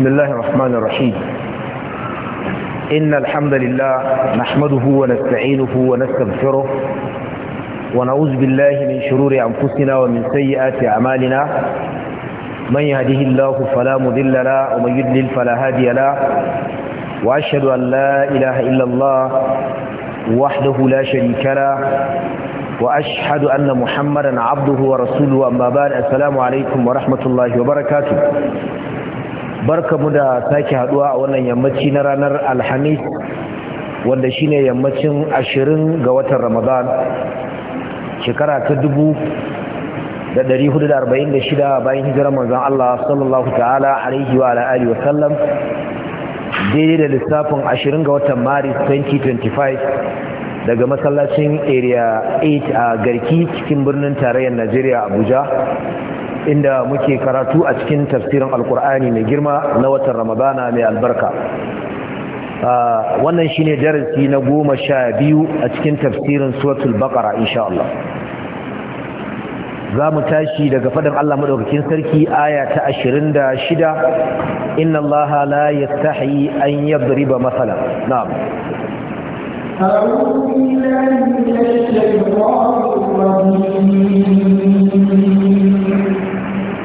بسم الله الرحمن الرحيم إن الحمد لله نحمده ونستعينه ونستغفره ونعوذ بالله من شرور أنفسنا ومن سيئات أعمالنا من يهده الله فلا مذل له ومن يضلل فلا هادي له وأشهد أن لا إله إلا الله وحده لا شريك له وأشهد أن محمدا عبده ورسوله أما بعد السلام عليكم ورحمة الله وبركاته barkamu da sake haduwa a wannan yammaci na ranar alhamis wanda shine yammacin ashirin ga watan ramadan shekara ta dubu da dari hudu da arba'in da shida bayan hijirar manzan Allah sallallahu ta'ala alaihi wa ala'ari wa sallam daidai da lissafin ashirin ga watan maris 2025 daga masallacin area 8 a garki cikin birnin tarayyar najeriya abuja inda muke karatu a cikin tafsirin alkur'ani mai girma na watan ramadana mai albarka ah, wannan shine darasi na goma sha biyu a cikin tafsirin suratul baqara insha Allah za mu tashi daga fadin Allah madaukakin sarki aya ta 26 inna Allah la yastahi an yadriba mathalan na'am أعوذ بالله من الشيطان الرجيم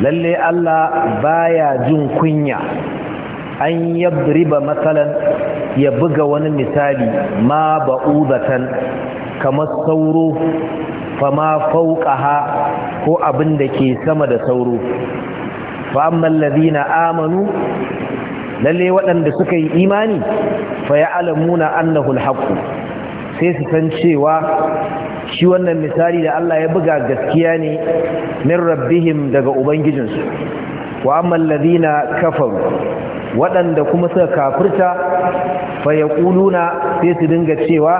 lalle Allah baya jin kunya an yadriba matsalan ya buga wani misali ma ba'udatan kamar sauro fama fauqaha ko abin da ke sama da sauro fa amma alladhina amanu lalle waɗanda suka yi imani fa alamuna Annahul haƙƙu sai su san cewa shi wannan misali da Allah ya buga gaskiya ne min rabbihim daga ubangijinsu wa amma alladhina kafaru waɗanda kuma suka kafirta fa yaquluna sai su dinga cewa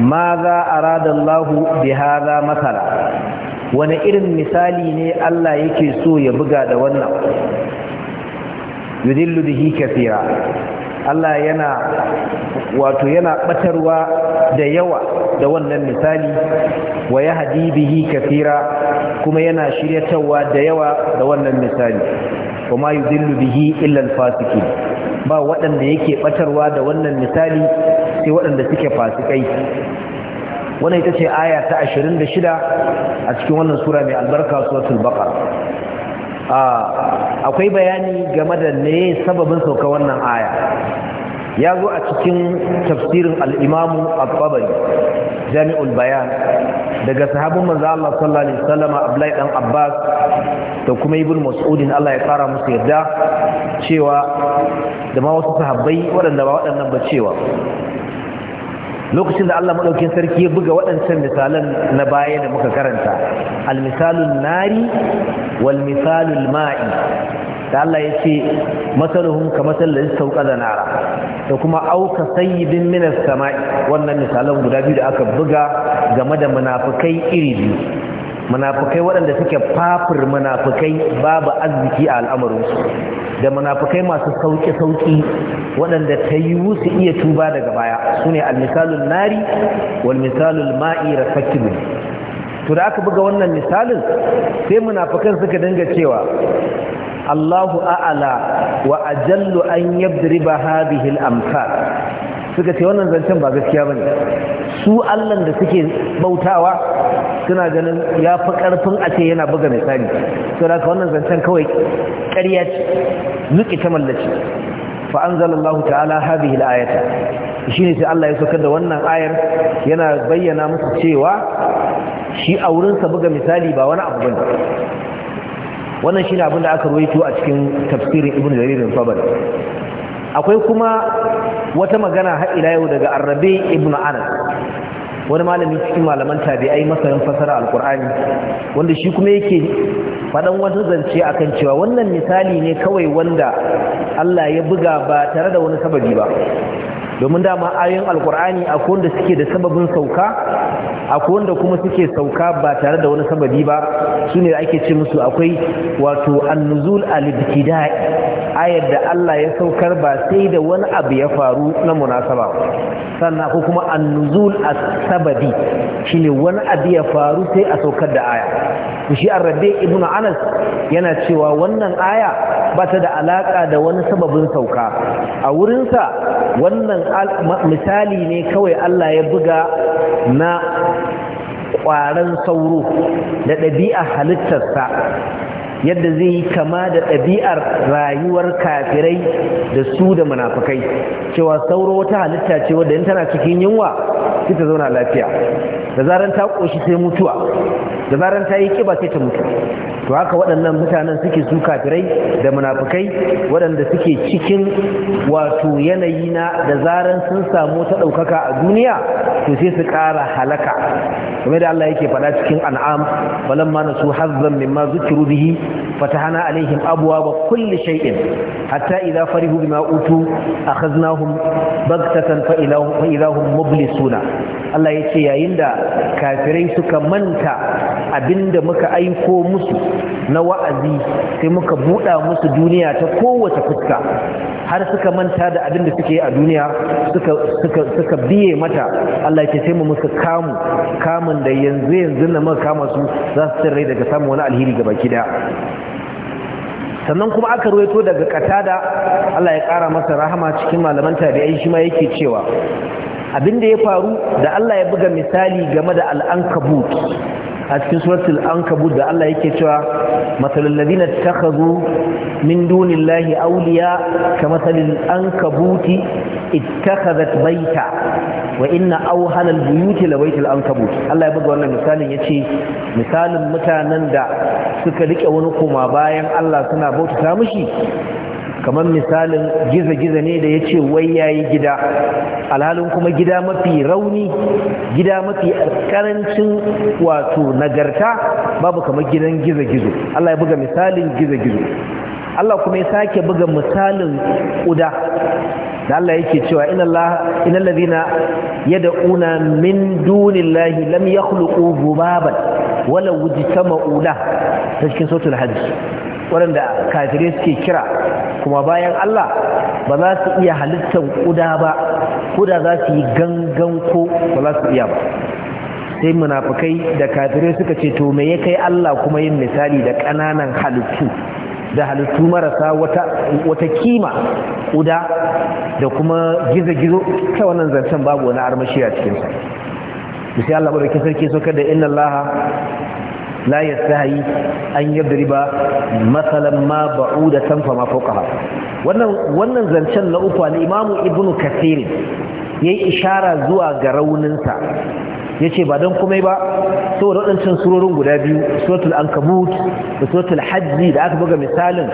ma za arada Allah bi hadha masala wani irin misali ne Allah yake so ya buga da wannan yudillu bihi kathira Allah yana wato yana batarwa da yawa da wannan misali wa ya hadibihi kafira kuma yana shiryatawa da yawa da wannan misali kuma yudillu bihi illa fasiki. ba waɗanda yake batarwa da wannan misali sai waɗanda suke fasikai wannan ita ce aya ta 26 a cikin wannan sura mai albarka suratul baqara akwai bayani game da ne sababin sauka wannan aya ya zo a cikin tafsirin al'imamu al-babari jami'ul bayan daga sahabin manzo Allah sallallahu alaihi wasallam Abdullahi dan Abbas da kuma ibn Mas'udin Allah ya fara musu yarda cewa da ma wasu sahabbai waɗanda ba waɗannan ba cewa lokacin da Allah madaukin sarki ya buga waɗancan misalan na baya da muka karanta almisalun nari wal misalul ma'i da Allah ya ce masaluhum ka masal da sauka da nara da kuma auka sayyibin minas sama'i wannan misalan guda biyu da aka buga game da munafukai iri biyu munafukai waɗanda suke fafir munafukai babu arziki a al'amarinsu da munafukai masu sauƙi-sauƙi waɗanda ta yi su iya tuba daga baya su ne almisalin nari wal misalul ma'i to da aka buga wannan misalin sai munafukan suka dinga cewa Allahu a'ala wa ajallu an yadriba hadhihi al suka ce wannan zancen ba gaskiya bane su Allah da suke bautawa suna ganin ya fi ƙarfin a ce yana buga misali to da wannan zancen kawai ƙarya ce ta mallaci fa anzalallahu ta'ala hadhihi la'ayata. shi ne sai Allah ya saukar da wannan ayar yana bayyana musu cewa shi a wurin sa buga misali ba wani abu bane wannan shi ne abin da aka ruwaito a cikin tafsirin ibnu Jarir bin akwai kuma wata magana har ila yau daga Arabi ibnu Anas wani malami cikin malaman tabi'ai masanin fasara alkur'ani wanda shi kuma yake faɗan wata zance a kan cewa wannan misali ne kawai wanda Allah ya buga ba tare da wani sababi ba domin dama ayoyin alkur'ani akwai wanda suke da sababin sauka akwai wanda kuma suke sauka ba tare da wani sababi ba su ne ake ce musu akwai wato annuzul al-ibtida'i ayar da Allah ya saukar ba sai da wani abu ya faru na munasaba sannan akwai kuma annuzul as-sababi shine wani abu ya faru sai a saukar da aya shi ar ibnu anas yana cewa wannan aya ba ta da alaka da wani sababin sauka a wurinsa wannan misali ne kawai Allah ya buga na ƙwaron sauro da ɗabi'a halittarsa yadda zai yi kama da ɗabi'ar rayuwar kafirai da su da munafukai cewa sauro wata halitta ce wadda in tana cikin yunwa sai ta zauna lafiya da zaran ta ƙoshi sai mutuwa da zaran ta yi kiba sai ta mutu to haka waɗannan mutanen suke su kafirai da munafukai waɗanda suke cikin wato yanayi na da zarar sun samu ta ɗaukaka a duniya to sai su ƙara halaka game da Allah yake faɗa cikin an'am falamma nasu hazzan mimma zukiru bihi فتحنا عليهم أبواب كل شيء حتى إذا فرحوا بما أوتوا أخذناهم بغتة فإذا هم مبلسون Allah ya ce yayin da kafirai suka manta abinda muka aiko musu na wa'azi sai muka buɗa musu duniya ta kowace fuska har suka manta da abinda suke a duniya suka, biye mata Allah ya ce sai mu muka kamu kamun da yanzu yanzu na muka kama su za su rai daga samun wani alheri gaba ki daya sannan kuma aka ruwaito daga katada Allah ya kara masa rahama cikin malaman tabi'ai shi ma yake cewa abinda ya faru da Allah ya buga misali game da al'ankabut a cikin suratul ankabut da Allah yake cewa matalul ladina takhadhu min dunillahi ka kamathalil ankabuti ittakhadhat baita wa inna buyuti albuyuti labaitul ankabut Allah ya buga wannan misalin yace misalin mutanen da suka rike wani koma bayan Allah suna bautata mishi kamar misalin giza-giza ne da ya ce wai yayi gida alhalin kuma gida mafi rauni gida mafi karancin wato nagarta babu kamar gidan giza-gizo Allah ya buga misalin giza-gizo Allah kuma ya sake buga misalin ƙuda da Allah yake cewa inal ladina yad'una min dunillahi lam yakhluqu dhubaban wala ma'uda, ta cikin sautul hadis waɗanda kafirai suke kira kuma bayan Allah ba za su iya halittar ƙuda ba ƙuda za su yi gangan ko ba za su iya ba sai munafukai da kafirai suka ce to me ya kai Allah kuma yin misali da ƙananan halittu da halittu marasa wata kima ƙuda da kuma gizo-gizo ta wannan zancen babu wani armashi a cikinsa sai Allah bada sarki suka da inna Allah la yastahi an yadriba masalan ma ba'udatan fa ma fawqaha wannan wannan zancen na uku al-imam ibn kathir yayi ishara zuwa ga rauninsa yace ba dan komai ba saboda wadancan surorin guda biyu suratul ankabut da suratul hajji da aka buga misalin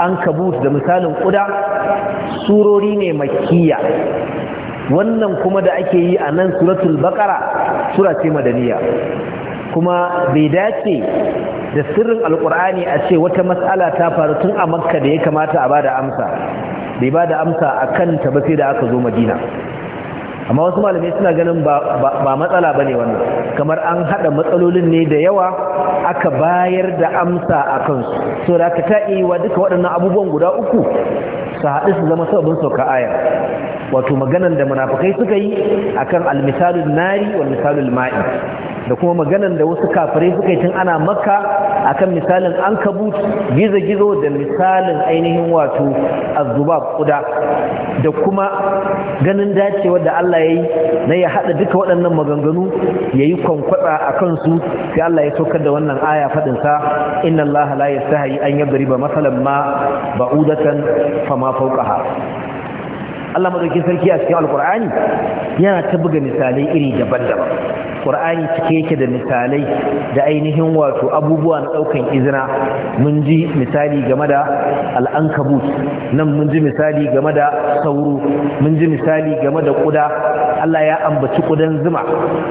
ankabut da misalin kuda surori ne makiya. wannan kuma da ake yi a nan suratul Baƙara sura ce madaniya kuma bai dace da sirrin alkur'ani a ce wata matsala ta faru tun a makka da ya kamata a bada amsa bai bada amsa a kanta ba da aka zo madina amma wasu malamai suna ganin ba matsala ba ne wannan kamar an haɗa matsalolin ne da yawa aka bayar da amsa a kansu so da aka ta iya duka waɗannan abubuwan guda uku su haɗu su zama sababin sauka ayar wato maganan da munafukai suka yi akan almisalul nari wal misalul ma'i da kuma maganan da wasu kafirai suka yi tun ana makka akan misalin ankabut gizo-gizo da misalin ainihin wato azubab kuda da kuma ganin dacewar da Allah ya yi na ya haɗa duka waɗannan maganganu ya yi kwankwatsa a kansu sai Allah ya saukar da wannan aya faɗinsa inna Allah la yastahi an ba masalan ma ba'udatan fama fawqaha Allah madaukakin sarki a cikin alkur'ani yana ta buga misalai iri daban-daban qur'ani cike yake da misalai da ainihin wato abubuwa na daukan izina mun ji misali game da al'ankabut nan mun ji misali game da sauro mun ji misali game da kuda Allah ya ambaci kudan zuma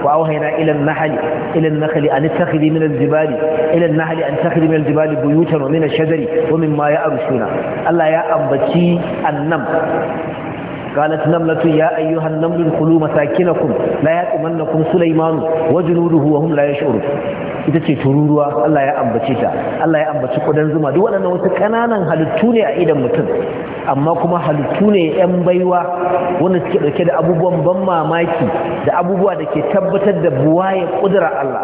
wa auhayna ila an-nahli ila an-nakhli an takhri min al-jibali ila an-nahli an takhri min al-jibali buyutan wa min ash-shajari wa mimma ya'rushuna Allah ya ambaci annam قالت نملة يا أيها النمل ادخلوا مساكنكم لا يطمنكم سليمان وجنوده وهم لا يشعرون ita ce tururuwa Allah ya ambace ta Allah ya ambaci kudan zuma duk waɗannan wasu ƙananan halittu ne a idan mutum amma kuma halittu ne 'yan baiwa wanda suke ɗauke da abubuwan ban mamaki da abubuwa da ke tabbatar da ya kudura Allah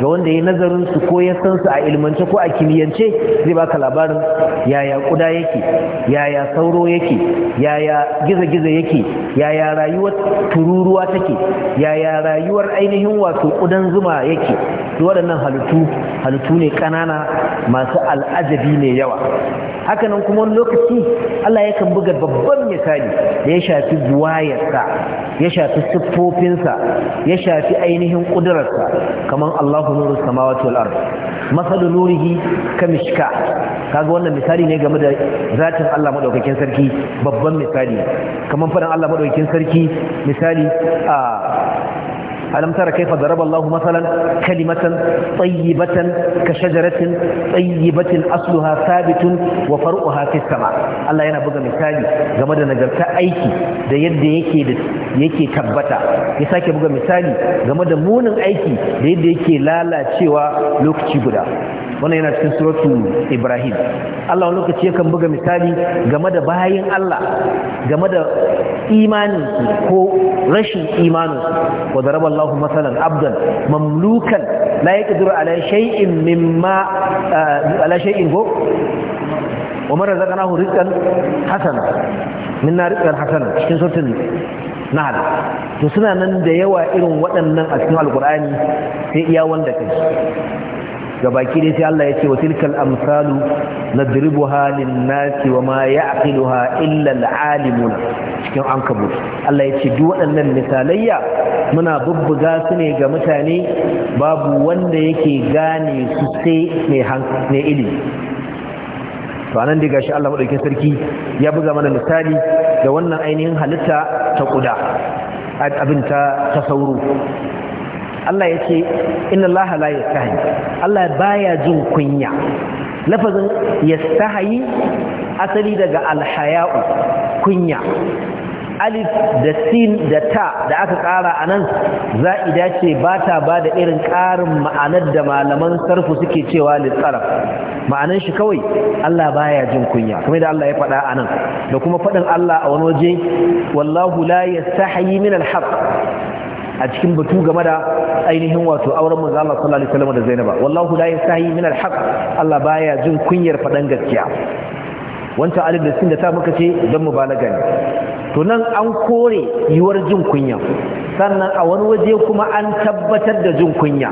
ga wanda ya nazarin su ko ya san su a ilmance ko a kimiyyance zai baka labarin yaya ƙuda yake yaya sauro yake yaya gizo-gizo yake yaya rayuwar tururuwa take yaya rayuwar ainihin wato ƙudan zuma yake waɗannan halittu halittu ne ƙanana masu al'ajabi ne yawa hakanan kuma lokaci Allah yakan buga babban misali da ya shafi buwayarsa ya shafi siffofinsa ya shafi ainihin ƙudurarsa kamar Allahu nuru samawati wal ard masalu nurihi mishka kaga wannan misali ne game da zatin Allah madaukakin sarki babban misali kamar fadan Allah madaukakin sarki misali a alam tara kaifa daraba Allah masalan kalimatan tayyibatan ka shajaratin tayyibatin asluha sabitun wa far'uha fis sama Allah yana buga misali game da nagarta aiki da yadda yake tabbata ya sake buga misali game da munin aiki da yadda yake lalacewa lokaci guda wannan yana cikin suratu ibrahim Allah wani lokaci yakan buga misali game da bayin Allah game da imanin ko rashin imanin wa daraba Allahu masalan abdan mamlukan la yaqdiru ala shay'in mimma eh, ala shay'in go wa man razaqnahu rizqan hasana minna rizqan hasana cikin suratul nahl to suna nan da yawa irin waɗannan a cikin alqur'ani sai iya wanda kai gabaki dai sai Allah ya ce wa tilkal amsalu nadribuha lin nasi wa ma ya'qiluha illa al alimuna cikin ankabut Allah ya ce duk waɗannan misalayya muna bubbuga su ne ga mutane babu wanda yake gane su sai mai ilimi to anan dai gashi Allah madaukakin sarki ya buga mana misali da wannan ainihin halitta ta kuda abin ta sauro Allah ya ce inna Allah la yastahi Allah baya jin kunya lafazin yastahi asali daga alhaya'u kunya alif da sin da ta da aka kara a nan ida ce ba ta ba da irin karin ma'anar da malaman sarfu suke cewa litsarar ma'anar shi kawai Allah baya jin kunya kuma da Allah ya faɗa a nan da kuma faɗin Allah a wani waje wallahu la yastahi min alhaq a cikin batu game da ainihin wato auren manzo Allah sallallahu alaihi wasallam da Zainaba wallahu la yasahi min alhaq Allah baya jin kunyar fadan gaskiya wancan alif da sin da ta muka ce dan mubalaga ne to nan an kore yiwuwar jin kunya sannan a wani waje kuma an tabbatar da jin kunya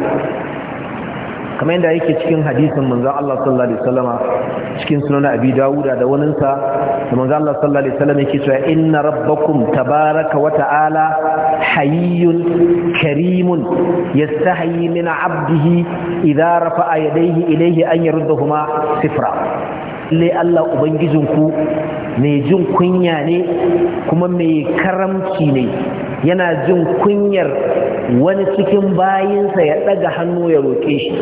kamar yadda yake cikin hadisin manzon Allah sallallahu alaihi wasallama cikin sunan Abi Dawud da waninsa da manzon Allah sallallahu alaihi wasallam yake cewa inna rabbakum tabaraka wa ta'ala hayyun karimun yastahi min 'abdihi idza rafa'a yadayhi ilayhi an yaruddahuma sifra le Allah ubangijinku mai jin kunya ne kuma mai karamci ne yana jin kunyar wani cikin bayinsa ya ɗaga hannu ya roƙe shi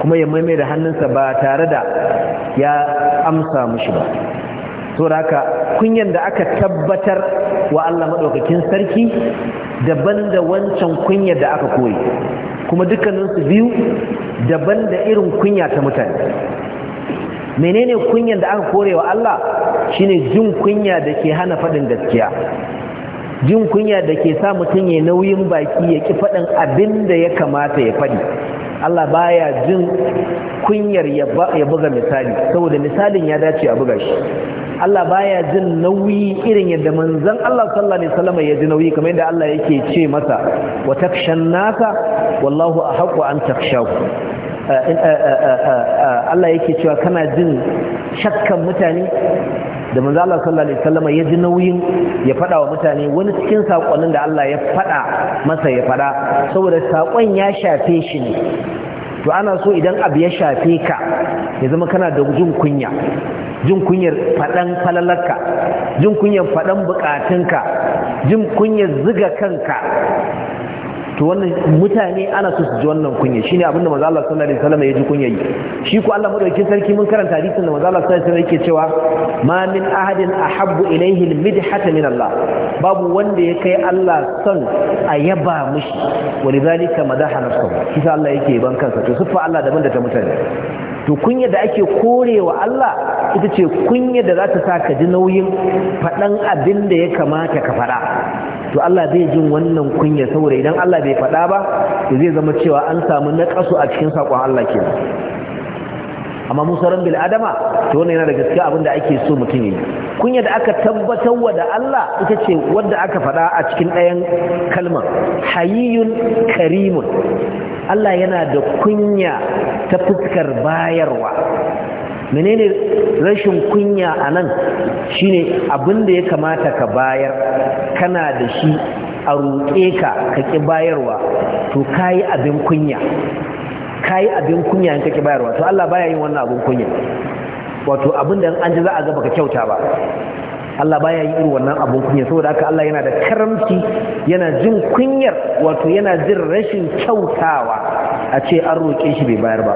kuma ya maimai da hannunsa ba tare da ya amsa mushi ba to haka kunyan da aka tabbatar wa Allah maɗaukakin sarki daban da wancan kunyar da aka koyi kuma dukkaninsu biyu daban da irin kunya ta mutane menene kunyan da aka kore wa Allah shine jin kunya da ke hana faɗin gaskiya jin kunya da ke sa mutum ya nauyin baki ya ki faɗin abinda ya kamata ya faɗi Allah baya jin kunyar ya buga misali saboda misalin ya dace a buga shi Allah baya jin nauyi irin yadda manzon Allah sallallahu alaihi wasallam ya ji nauyi kamar yadda Allah yake ce masa wa takshannaka wallahu ahqqu an takshahu Allah yake cewa kana jin shakkan mutane da manzo Allah sallallahu alaihi wasallam ya ji nauyin ya fada wa mutane wani cikin sakonin da Allah ya fada masa ya fada saboda sakon ya shafe shi ne to ana so idan abu ya shafe ka ya zama kana da jin kunya jin kunyar fadan falalarka jin kunyar fadan bukatunka jin kunyar ziga kanka to wannan mutane ana so su ji wannan kunya shine abinda manzo Allah sallallahu alaihi wasallam ya ji kunya yi shi ko Allah madaukakin sarki mun karanta hadisin da manzo Allah sallallahu alaihi wasallam yake cewa ma min ahadin ahabbu ilayhi almidhata min Allah babu wanda ya kai Allah son a yaba mishi walidhalika madaha nafsuhu shi Allah yake ban kansa to siffa Allah daban da ta mutane to kunya da ake korewa Allah ita ce kunya da za ta sa ka ji nauyin faɗan abin da ya kamata ka faɗa to Allah zai jin wannan kunya saboda idan Allah bai faɗa ba to zai zama cewa an samu na naƙasu a cikin saƙon Allah ke amma Musa bil adama to wannan yana da gaske abinda ake so mutum yi kunya da aka tabbatar wa da Allah ita ce wadda aka faɗa a cikin ɗayan kalmar hayiyun karimun Allah yana da kunya ta fuskar bayarwa menene rashin kunya a nan shi ne abinda ya kamata ka bayar kana da shi a roƙe ka ka ƙi bayarwa to ka yi abin kunya ka yi abin kunya yin ka ƙi bayarwa to Allah baya yin wannan abin kunya wato abinda an ji za a ga baka kyauta ba Allah baya yi irin wannan abun kunya saboda haka Allah yana da karamci yana jin kunyar wato yana jin rashin kyautawa a ce an roƙe shi bai bayar ba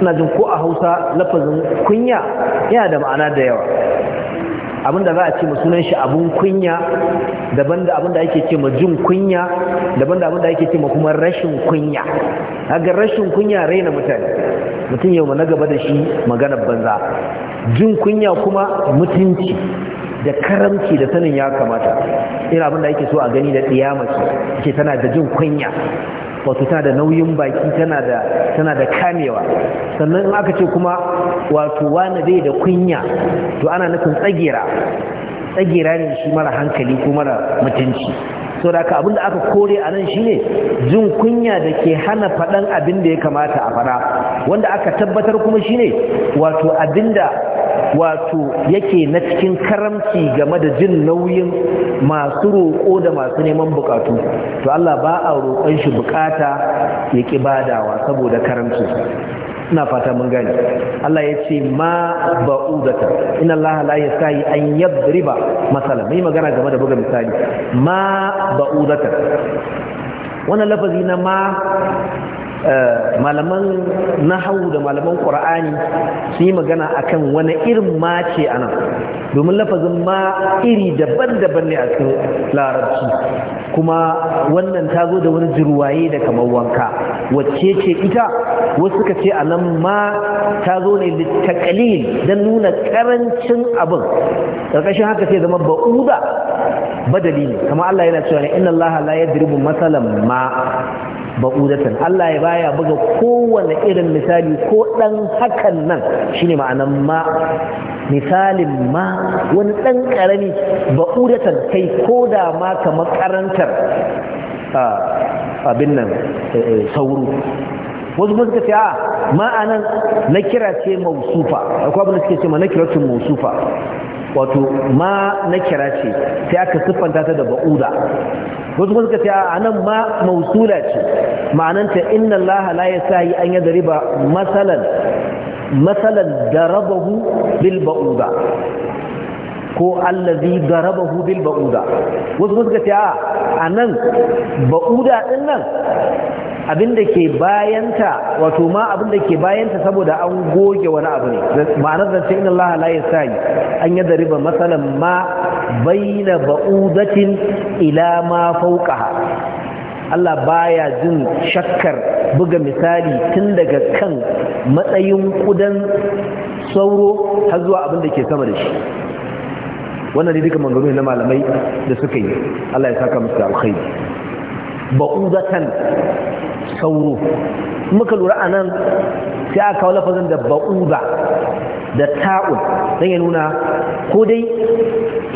ina jin ko a hausa lafazin kunya yana da ma'ana da yawa da za a ce ma sunan shi abun kunya daban da da ake ce ma jin kunya daban da da ake ce ma kuma rashin kunya kaga rashin kunya raina mutane mutum yau ma na gaba da shi maganar banza jin kunya kuma mutunci da karamci da sanin ya kamata ina da ake so a gani da ɗiyamaki ce tana da jin kunya wato tana da nauyin baki tana da da kamewa sannan in aka ce kuma wato wani bai da kunya to ana nufin tsagera tsagera ne shi mara hankali ko mara mutunci so da ka abinda aka kore a nan shine jin kunya da ke hana faɗan abin da ya kamata a fara wanda aka tabbatar kuma shine wato abinda wato yake na cikin karamci game da jin nauyin masu roƙo da masu neman bukatu to Allah ba a roƙon shi bukata ya ƙi badawa saboda karamci ina fata mun gane Allah ya ce ma ba'udata inna Allah la yasayi an yadriba masalan mai magana game da buga misali ma ba'udata wannan lafazi na ma Eh, malaman nahawu da malaman qur'ani sun yi magana akan wani irin ma ce anan domin lafazin ma iri daban-daban ne a cikin larabci kuma wannan ta zo da wani jirwaye da kamar wanka wacce ce ita wasu suka ce a nan ma ta zo ne littakalil don nuna karancin abin ƙarƙashin haka sai zama ba'uda badali ne kama Allah yana cewa inna Allah la yadribu masalan ma ba'udatan Allah ya baya buga kowane irin misali ko dan hakan nan shine ma'anan ma misalin ma wani dan karami ba'udatan kai ko da ma kamar karantar abin nan eh, eh, sauro wasu suka ce a ah, ma'anan na kira ce mausufa akwai abin da suke ce ma na kira ce mausufa wato ma na kira ce sai aka siffanta ta da ba'uda wasu kuma suka ce a nan ma mausula ce ma'ananta inna allaha la yi an riba masalan masalan darabahu bil ba'uda ko allazi darabahu bil ba'uda wasu kuma suka ce a nan ba'uda din nan abin da ke bayanta wato ma abin da ke bayanta saboda an goge wani abu ne ma'anar da ce inna Allah la yasani an yadda riba masalan ma baina ba'udatin ila ma fawqaha Allah baya jin shakkar buga misali tun daga kan matsayin kudan sauro har zuwa abin da ke sama da shi wannan ne duka mangaro na malamai da suka yi Allah ya saka musu alkhairi ba'udatan sauro muka lura a nan sai a kawo lafazin da ba'uba da ta'ul don ya nuna ko dai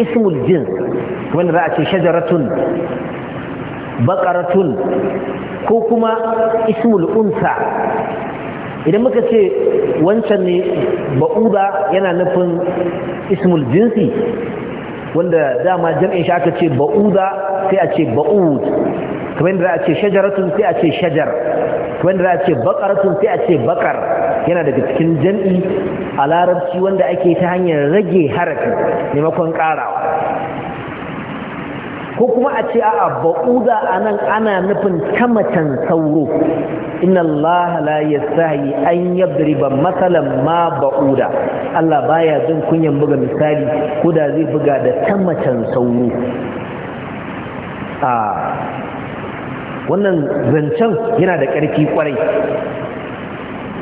ismul jin wanda za a ce shajaratun bakaratun ko kuma ismul unsa idan muka ce wancan ne ba'uba yana nufin ismul jinsi wanda dama jam'in shi aka ce ba'uda sai a ce ba'ud kamar yadda a ce shajaratun sai a ce shajar kamar yadda a ce bakaratun sai a ce bakar yana daga cikin jam'i a larabci wanda ake ta hanyar rage harafi maimakon karawa ko kuma a ce a'a ba'uda a nan ana nufin kamatan sauro inna Allah la yasahi an yadriba masalan ma ba'uda Allah baya jin kunyan buga misali ko da zai buga da kamatan sauro a wannan zancen yana da ƙarfi kwarai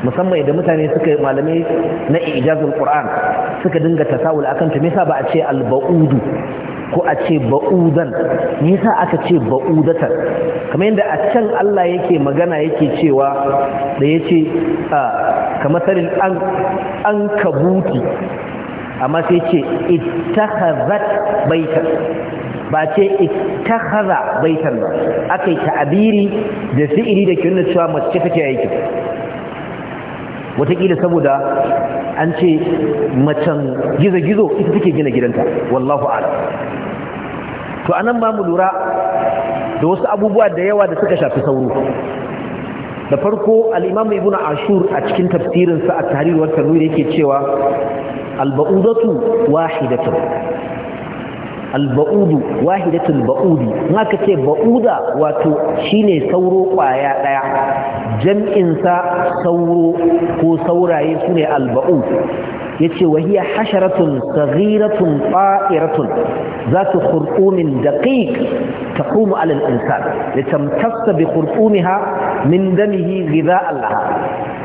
musamman idan mutane suka malami na ijazul qur'an suka dinga tasawul akan ta me yasa ba a ce al-ba'udu ko a ce ba'udan me sa aka ce ba'udatan kamar yadda a can Allah yake magana yake cewa da yace a ah, kamar sarin an an kabuti amma sai ce ittakhazat baitan ba ce ittakhadha baitan ba akai ta'abiri da fi'ili da ke cewa mace take aiki. wataƙila saboda an ce macen gizo-gizo ita take gina gidanta wallahu ala to anan ba mu lura da wasu abubuwa da yawa da suka shafi sauro da farko al'imamu ibn ashur a cikin tafsirinsa a tarihi wata nuri yake cewa alba'udatu wahidatun alba'udu wahidatul ba'udi in aka ce ba'uda wato shine sauro kwaya daya jam'in sa sauro ko sauraye sune alba'ud yace wa hiya hasharatun saghiratun ta'iratun zatu khurqumin daqiq taqumu 'ala al-insan litamtassa bi khurqumiha min damihi ghidha'an laha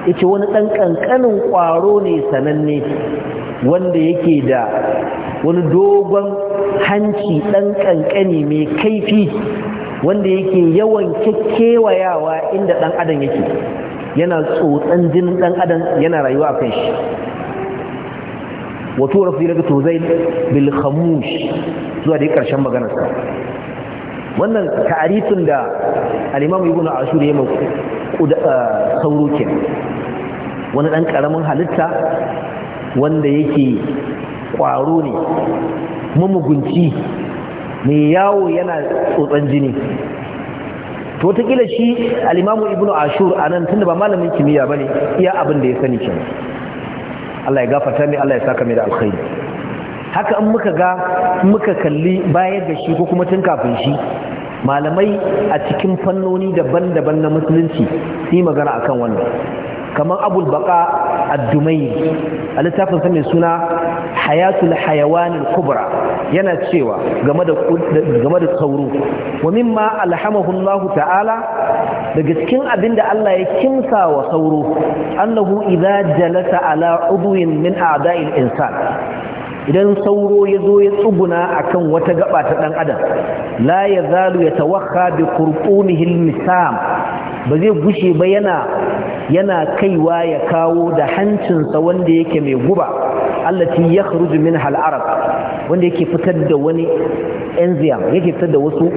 yace wani ɗan kankanin ƙwaro ne sananne wanda yake da wani dogon hanci ɗan ƙanƙani mai kaifi wanda yake yawan kyakkyawa inda ɗan adam yake yana tsotsan jinin ɗan adam yana rayuwa a kan shi wato rafi daga tozai bilhamush zuwa da ƙarshen maganarsa wannan ta'arifin da al'imamu ibn ashur ya mai eh, sauro ke wani ɗan ƙaramin halitta wanda yake kwaro ne mamugunci mai yawo yana tsotsan jini to wataƙila shi alimamu ibn ashur a nan tunda ba malamin kimiyya ba ne iya abin da ya sani ke Allah ya gafata mai Allah ya saka mai da alkhairi haka in muka ga muka kalli bayar da shi ko kuma tun kafin shi malamai a cikin fannoni daban-daban na musulunci su yi magana akan wannan kamar abul baka addumai a littafin sa mai suna hayatul hayawan kubra yana cewa game da game da sauro wa mimma alhamahu Allah ta'ala daga cikin abin da Allah ya kimsa wa sauro annahu idza jalasa ala udwin min a'da'il insan idan sauro ya zo ya tsuguna akan wata gaba ta dan adam la yazalu yatawakha bi qurqunihi al-misam ba zai gushe ba yana yana kaiwa ya kawo da hancinsa wanda yake mai guba allati ya min hal'arab wanda yake fitar da wani enzyme yake fitar da wasu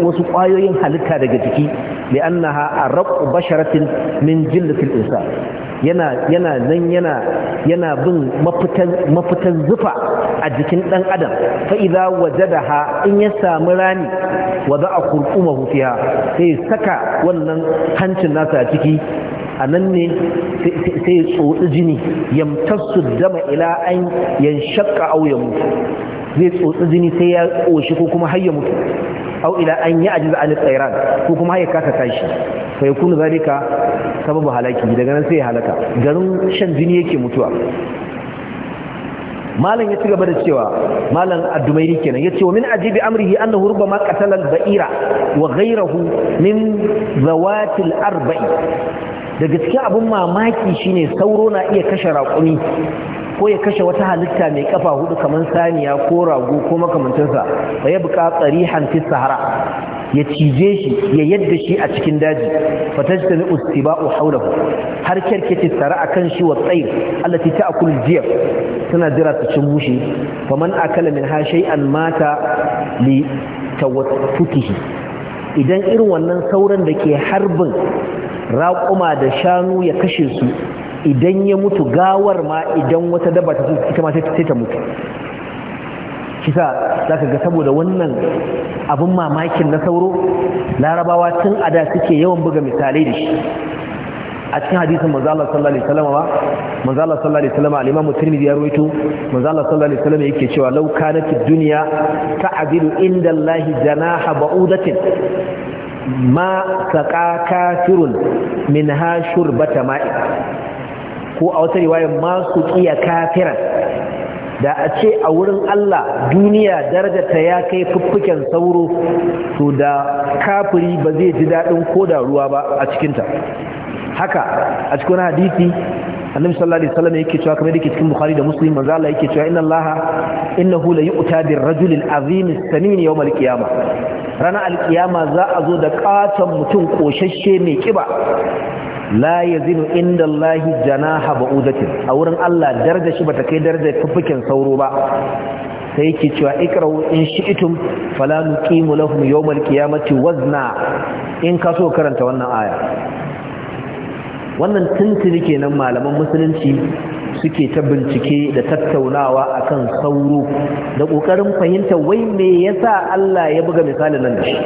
wasu kwayoyin halitta daga jiki li annaha arqu basharatin min jillatil insan yana nan yana yana bin mafitan mafitan zufa a jikin dan adam fa idza wajadaha in ya samu rani wada a kurkumahu fiha sai saka wannan hancin nasa a ciki a nan ne sai tsotsi jini yamtassu dama ila an yanshakka au ya mutu zai tsotsi jini sai ya koshi ko kuma har ya mutu aw ila an yi ya'jiz an tsairan ko kuma ya kasa tashi fa yakunu zalika sababu halaki daga nan sai ya halaka garin shan jini yake mutuwa malam ya ci gaba da cewa malam addumairi kenan ya ce wa min ajibi amrihi annahu rubama qatala al-ba'ira wa ghayrahu min zawati al-arba'i Daga gaskiya abin mamaki shine sauro na iya kashe raƙumi ko ya kashe wata halitta mai kafa hudu kamar saniya ko rago ko makamancinsa fa ya buƙa tsarihan fi sahara ya cije shi ya yadda shi a cikin daji fa tajtani ustiba'u hawlahu har kerkece tsara kan shi wa tsayi allati ta'kul jiyaf tana jira su cin mushi fa man akala min ha shay'an mata li tawaffutihi idan irin wannan sauran da ke harbin raƙuma da shanu ya kashe su idan ya mutu gawar ma idan wata dabba ta ita ma sai ta mutu kisa za ka ga saboda wannan abin mamakin na sauro larabawa tun a da suke yawan buga misalai da shi a cikin hadisin manzo Allah sallallahu alaihi wasallam ba manzo Allah sallallahu alaihi wasallam al-Imam Tirmidhi ya rawaito manzo Allah sallallahu alaihi wasallam yake cewa law kanat ad-dunya ta'dilu inda Allah janaha ba'udatin ma saqa kafirun minha shurbata ma'i ko a wata riwaya masu kiya kafiran da a ce a wurin Allah duniya darajarta ya kai fuffuken sauro to da kafiri ba zai ji daɗin koda ruwa ba a cikinta haka a cikin hadisi annabi sallallahu alaihi wasallam yake cewa kamar yake cikin bukhari da muslim manzo Allah yake cewa inna allaha innahu la yu'ta bir rajul al azim as samin yawm al qiyamah rana al qiyamah za a zo da katon mutum koshashe mai kiba la yazinu inda Allahi janaha a wurin Allah daraja shi ba ta kai daraja fuffuken sauro ba sai ke cewa ikra'u in shi'tum lafi yau malki ya mace wazna in ka karanta wannan aya wannan tuntuni kenan malaman musulunci suke ta bincike da tattaunawa akan sauro da ƙoƙarin fahimta wai me yasa Allah ya buga misalin nan da shi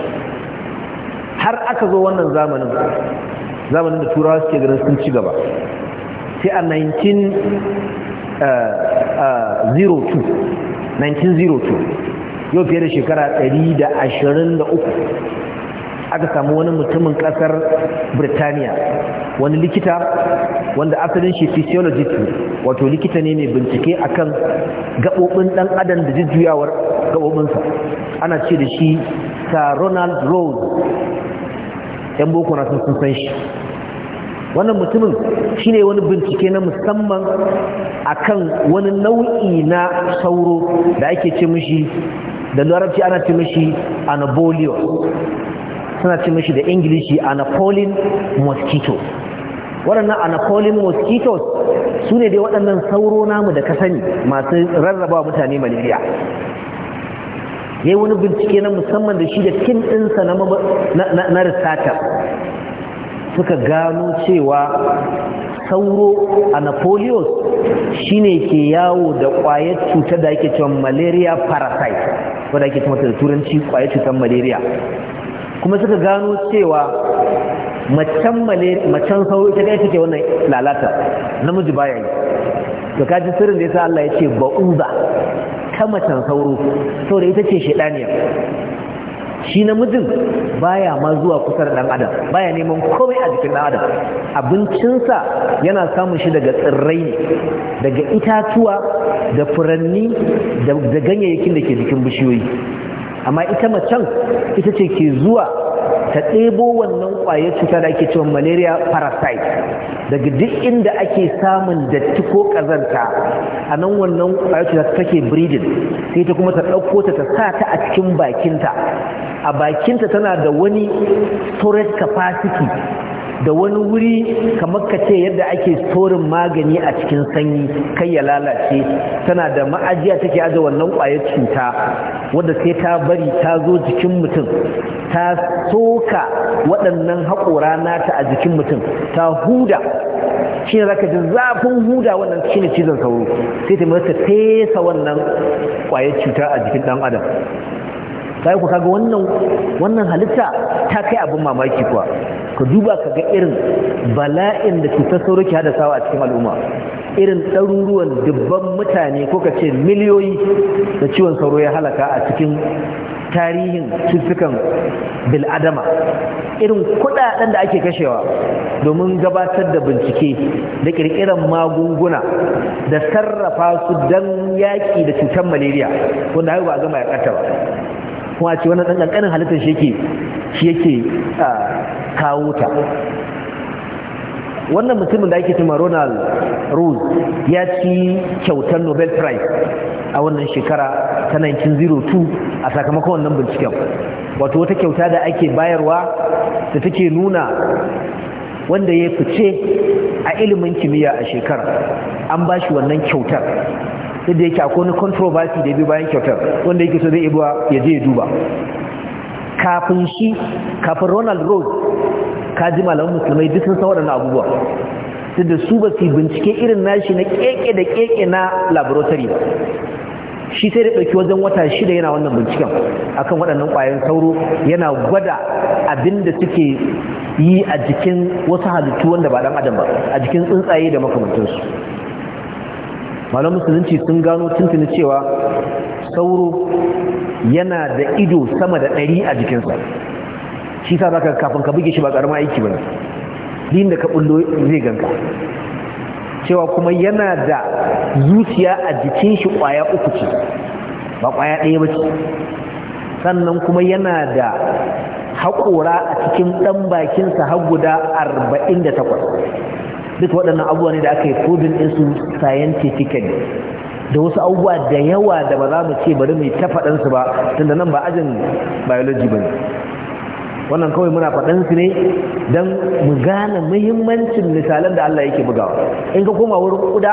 har aka zo wannan zamanin zamanin da turawa suke ganin sun ci gaba sai a 1902 uh, uh, yau fiye da shekara 123 aka samu wani mutumin kasar birtaniya wani likita wanda asalin shi physiologist wato likita ne mai bincike akan gabobin dan adam da jujjuyawar gabobinsa ana ce da shi sir ronald rose yan boko na sun san shi wannan mutumin shine wani bincike na musamman akan wani nau'i na sauro da ake ce mishi da larabci ana ce mishi anabolio suna ce mishi da ingilishi anapolin mosquito waɗannan anapolin mosquitoes su ne dai waɗannan sauro namu da ka sani masu rarrabawa mutane malaria ya wani bincike na musamman da shi da kin ɗinsa na risata suka gano cewa sauro a napoleon ne ke yawo da ƙwayar cutar da ake cewa malaria parasite wadda ake cewa da turanci ƙwayar cutar malaria kuma suka gano cewa macen sauro ita ɗaya take wannan lalata namiji baya yi to kaji sirrin da ya sa Allah ya ce ba'uza kamatan sauro saboda ita ce shaidaniya shi namijin baya ma zuwa kusa da dan adam baya neman komai a jikin dan adam abincinsa yana samun shi daga tsirrai daga itatuwa da furanni da ganyayyakin da ke jikin bishiyoyi amma ita macen ita ce ke zuwa ta ɗebo wannan ƙwayar cutar da ake cewa malaria parasite daga duk inda ake samun datti ko ƙazanta a nan wannan ƙwayar cuta take breeding sai ta kuma ta ɗauko ta ta sa ta a cikin bakinta a bakinta tana da wani storage capacity da wani wuri kamar ka ce yadda ake storin magani a cikin sanyi kai ya lalace tana da ma'ajiya take aje wannan ƙwayar cuta wadda sai ta bari ta zo jikin mutum ta soka waɗannan haƙora nata a jikin mutum ta huda ne zaka ji zafin huda wannan shi ne cizon sauro sai ta mata fesa wannan ƙwayar cuta a jikin ɗan adam Ka ku kaga wannan wannan halitta ta kai abin mamaki kuwa ka duba ka ga irin bala'in da cutar sauro ke sawa a cikin al'umma irin ɗaruruwan dubban mutane ko ka ce miliyoyi da ciwon sauro ya halaka a cikin tarihin cutukan bil'adama irin kuɗaɗen da ake kashewa domin gabatar da bincike da ƙirƙirar magunguna da sarrafa su don yaƙi da cutar malaria wanda a gama ya ƙata ba kuma ce wannan ɗan ƙanƙanin halittar shi yake shi yake kawo ta wannan mutumin da ake cewa ronald rose ya ci kyautar nobel prize a wannan shekara ta 1902 a sakamakon wannan binciken wato wata kyauta da ake bayarwa da take nuna wanda ya fice a ilimin kimiyya a shekara an ba shi wannan kyautar duk da yake akwai wani controversy da bi bayan kyautar wanda yake so zai iya ya je ya duba kafin shi kafin Ronald Rose ka ji malamin musulmai duk sun san abubuwa duk da su ba su bincike irin nashi na keke da keke na laboratory ba shi sai da ɗauki wajen wata shida yana wannan binciken akan waɗannan ƙwayan sauro yana gwada abin da suke yi a jikin wasu halittu wanda ba ɗan adam ba a jikin tsuntsaye da makamantansu malam musulunci sun gano tuntuni cewa sauro yana da ido sama da ɗari a jikinsa shi sa ka kafin ka buge shi ba ƙarama aiki ba din da ka ɓullo zai ganka cewa kuma yana da zuciya a jikin shi ƙwaya uku ce ba ƙwaya ɗaya ba ce sannan kuma yana da haƙora a cikin ɗan bakinsa har guda arba'in da takwas duk waɗannan abubuwa ne da aka yi kodin ɗinsu scientifically da wasu abubuwa da yawa da ba za mu ce bari mu ta faɗansu ba tunda nan ba ajin biology ba wannan kawai muna faɗan su ne don mu gane muhimmancin misalan da Allah yake bugawa in ka koma wurin kuda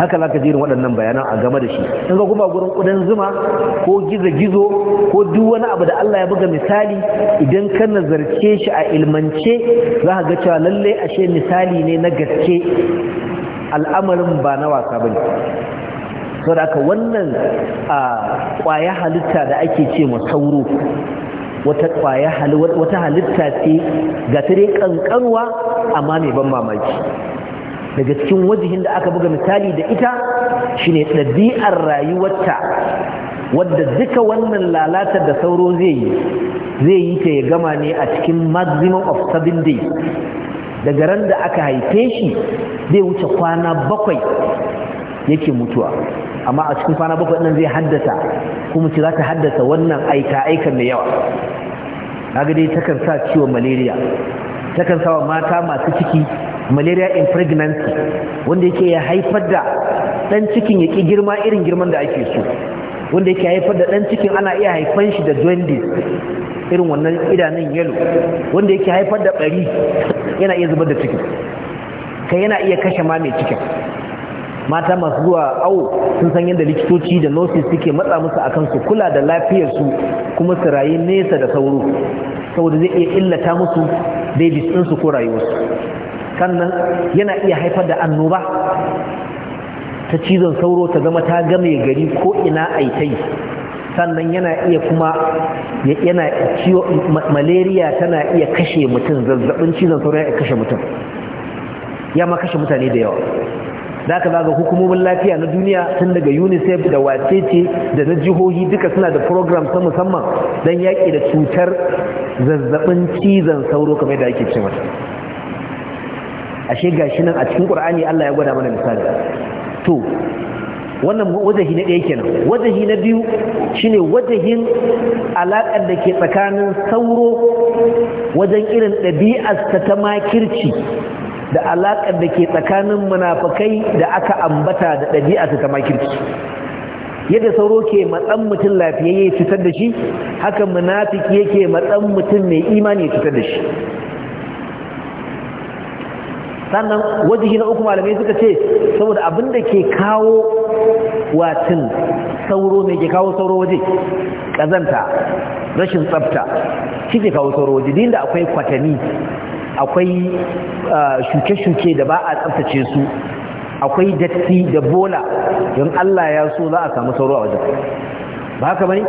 haka za ka jirin waɗannan bayanan a game da shi in ka koma wurin kudan zuma ko gizo-gizo ko duk wani abu da Allah ya buga misali idan ka nazarce shi a ilmance za ka ga cewa lallai ashe misali ne na gaske al'amarin ba na wasa ba ne saboda haka wannan a ah, halitta da ake ce ma sauro wata kwaya wata halitta ce ga tare kankanwa amma mai ban mamaki daga cikin wajihin da aka buga misali da ita shine ɗabi'ar rayuwarta wadda duka wannan lalatar da sauro zai yi zai yi ta ya gama ne a cikin maximum of seven days daga ran da aka haife shi zai wuce kwana bakwai yake mutuwa amma a cikin kwana bakwai nan zai haddasa kuma ce za ta haddasa wannan aika aikan mai yawa kaga dai takan sa ciwon malaria takan sa wa mata masu ciki malaria in pregnancy wanda yake ya haifar da dan cikin ya ki girma irin girman da ake so wanda yake haifar da dan cikin ana iya haifan shi da jaundice irin wannan idanun yalo wanda yake haifar da bari yana iya zubar da cikin kai yana iya kashe ma mai cikin mata masu zuwa awo sun san yadda likitoci da nurses suke matsa musu akan su kula da lafiyarsu kuma su rayu nesa da sauro saboda zai iya illata musu babies su ko rayuwarsu sannan yana iya haifar da annoba ta cizon sauro ta zama ta game gari ko ina aitai sannan yana iya kuma yana ciwo malaria tana iya kashe mutum zazzabin cizon sauro ya kashe mutum ya ma kashe mutane da yawa Za ka zaga hukumomin lafiya na duniya tun daga unicef da wacece da na jihohi duka suna da program ta musamman don yaƙi da cutar zazzabin cizon sauro kamar da ake ce mata ashe shi nan a cikin ƙur'ani Allah ya gwada mana misali to wannan wajahi na ɗaya kenan wajahi na biyu shine wajahin alaƙar da ke tsakanin sauro wajen irin ɗabi'arsa ta makirci da alaƙar da ke tsakanin munafakai da aka ambata da ɗabi'a su ta makirci yadda sauro ke matsan mutum lafiya ya cutar da shi haka munafiki yake matsan mutum mai imani ya cutar da shi sannan wajihi na uku malamai suka ce saboda abin da ke kawo watin sauro mai ke kawo sauro waje ƙazanta rashin tsafta shi ke kawo sauro waje da akwai kwatani akwai uh, shuke-shuke da ba a tsaftace su akwai datti da bola don Allah ya so za a samu sauro a wajen ba haka bane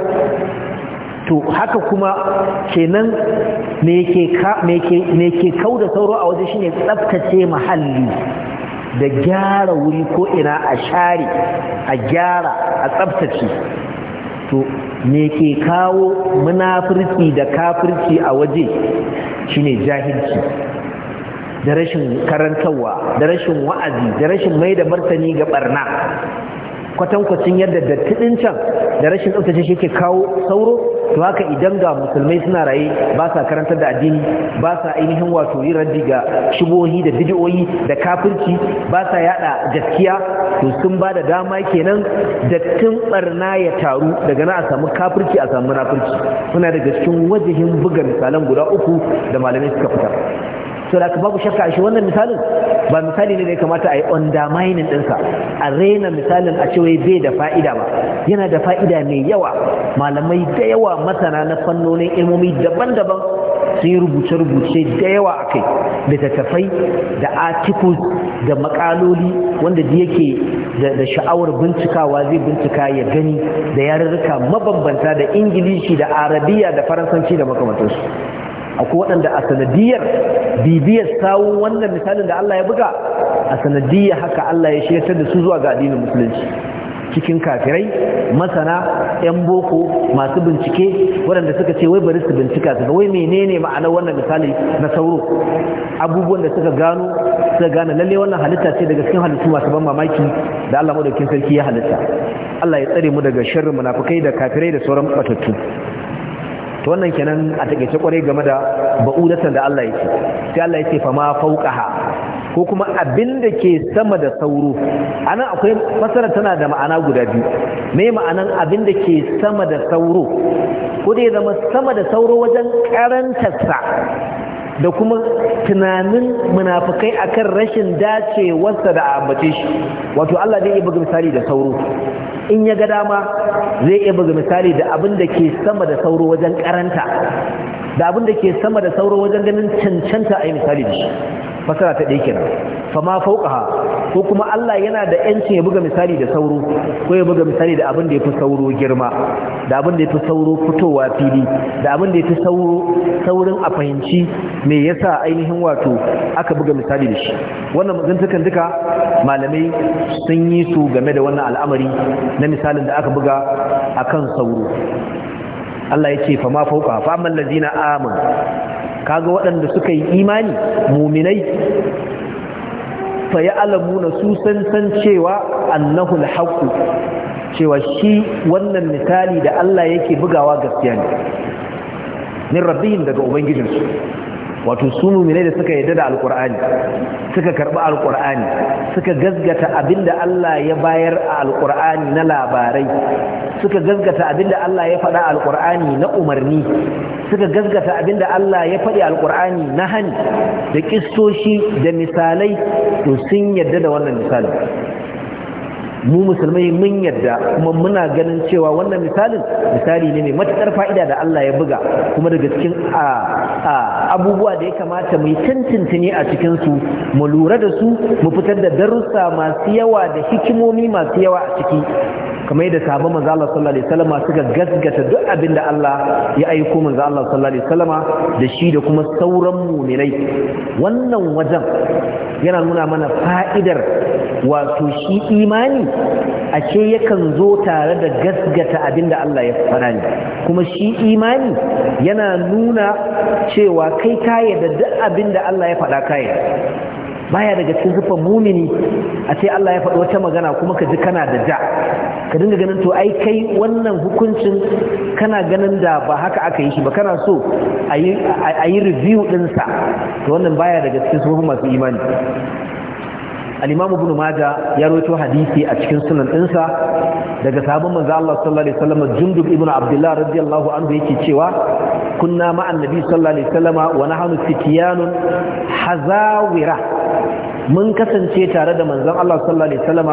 to haka kuma kenan me ke kau da sauro a waje shine tsaftace muhalli da gyara wuri ko ina a share a gyara a tsaftace to me ke kawo munafurci da kafirci a waje shine jahilci da rashin karantarwa da rashin wa'azi da rashin mai da martani ga barna kwatankwacin yadda dattiɗin can da rashin tsaftace shi ke kawo sauro to haka idan ga musulmai suna raye ba sa karantar da addini ba sa ainihin wato yin raddi ga shigohi da bidiyoyi da kafirci ba sa yada gaskiya to sun ba da dama kenan dattin barna ya taru daga na a samu kafirci a samu munafirci suna daga cikin wajihin buga misalan guda uku da malamai suka fita. so da babu shakka shi wannan misalin ba misali ne da ya kamata a yi undermining ɗinsa a raina misalin a cewa bai da fa'ida ba yana da fa'ida mai yawa malamai da yawa masana na fannonin ilmomi daban-daban sun yi rubuce-rubuce da yawa a kai littattafai da articles da makaloli wanda da yake da sha'awar bincikawa zai bincika ya gani da yarurruka mabambanta da ingilishi da arabiya da faransanci da makamantarsu akwai waɗanda a sanadiyar bibiyar sawun wannan misalin da Allah ya buga a sanadiyar haka Allah ya shirya da su zuwa ga addinin musulunci cikin kafirai masana 'yan boko masu bincike waɗanda suka ce wai bari su bincika su wai menene ma'anar wannan misali na sauro abubuwan da suka gano suka gane lalle wannan halitta ce daga cikin halittu masu ban mamaki da Allah madaukin sarki ya halitta Allah ya tsare mu daga sharrin munafukai da kafirai da sauran batattu to wannan kenan a takeice kwarai game da ba'udatan da Allah yake sai Allah yake fa ma fauqaha ko kuma abin da ke sama da sauro anan akwai fasara tana da ma'ana guda biyu me ma'anan abin da ke sama da sauro ko da zama sama da sauro wajen karantarsa da kuma tunanin munafukai akan rashin dacewarsa da ambace shi wato Allah zai iya buga misali da sauro in ya ga dama zai iya buga misali da abin da ke sama da sauro wajen karanta da abin da ke sama da sauro wajen ganin cancanta a yi misali da shi fasara ta ɗaya kenan fama fauƙaha ko kuma Allah yana da yancin ya buga misali da sauro ko ya buga misali da abin da ya fi sauro girma da abin da ya fi sauro fitowa fili da abin da ya fi sauro saurin a fahimci me yasa ainihin wato aka buga misali da shi wannan zantukan duka malamai sun yi su game da wannan al'amari na misalin da aka buga akan sauro Allah ya ce fa ma fauka fa amman lazina amin kaga waɗanda suka yi imani muminai fa na su san san cewa annahu al cewa shi wannan misali da Allah yake bugawa gaskiya ne min rabbihim daga ubangijinsu wato su muminai da suka yarda da alkur'ani suka karɓi alkur'ani suka gazgata abinda Allah ya bayar a alkur'ani na labarai suka gazgata abinda Allah ya faɗa alkur'ani na umarni suka gazgata abinda Allah ya faɗi alkur'ani na hani da kistoshi da misalai to sun yarda da wannan misalin mu musulmai mun yadda kuma muna ganin cewa wannan misalin misali ne mai matuƙar fa'ida da Allah ya buga kuma daga cikin abubuwa da ya kamata mu yi ne a cikinsu, mu lura da su mu fitar da darussa masu yawa da hikimomi masu yawa a ciki kamar yadda sahabban manzo Allah sallallahu alaihi wasallam suka gasgata duk abin da Allah ya aiko manzo Allah sallallahu alaihi wasallam da shi da kuma sauran mu'minai wannan wajen yana nuna mana fa'idar wato shi imani ashe yakan zo tare da gasgata abinda Allah ya fara ne kuma shi imani yana nuna cewa kai ka yadda duk abinda Allah ya faɗa ka baya daga cikin zufan mumini a ce Allah ya faɗi wata magana kuma ka ji kana da da. ka dinga ganin to ai kai wannan hukuncin kana ganin da ba haka aka yi shi ba kana so a yi review ɗinsa to wannan baya daga cikin zufan masu imani al-imam ibn majah ya rawaito hadisi a cikin sunan ɗinsa daga sahabban manzo Allah sallallahu alaihi wasallam jundub ibn abdullah radiyallahu anhu yake cewa kunna ma annabi sallallahu alaihi wasallam wa nahnu fitiyanun hazawira mun kasance tare da manzon Allah sallallahu alaihi wasallam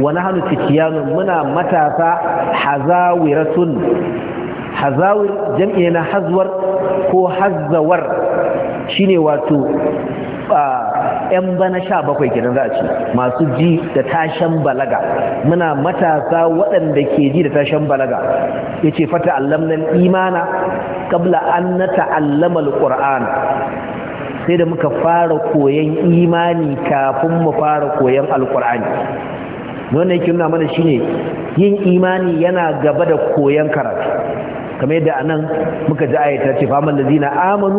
wa nahnu fitiyanun muna matasa hazawiratun hazawir jam'i na hazwar ko hazzawar shine wato ah, 'yan bana sha bakwai kenan za a ce masu ji da tashan balaga muna matasa waɗanda ke ji da tashan balaga ya ce fata allamnan imana kabla an na ta'allama alƙur'an sai da muka fara koyan imani kafin mu fara koyan alƙur'ani wannan yake nuna mana shine yin imani yana gaba da koyan karatu kamar yadda anan muka ji ayata ce fa man ladina amanu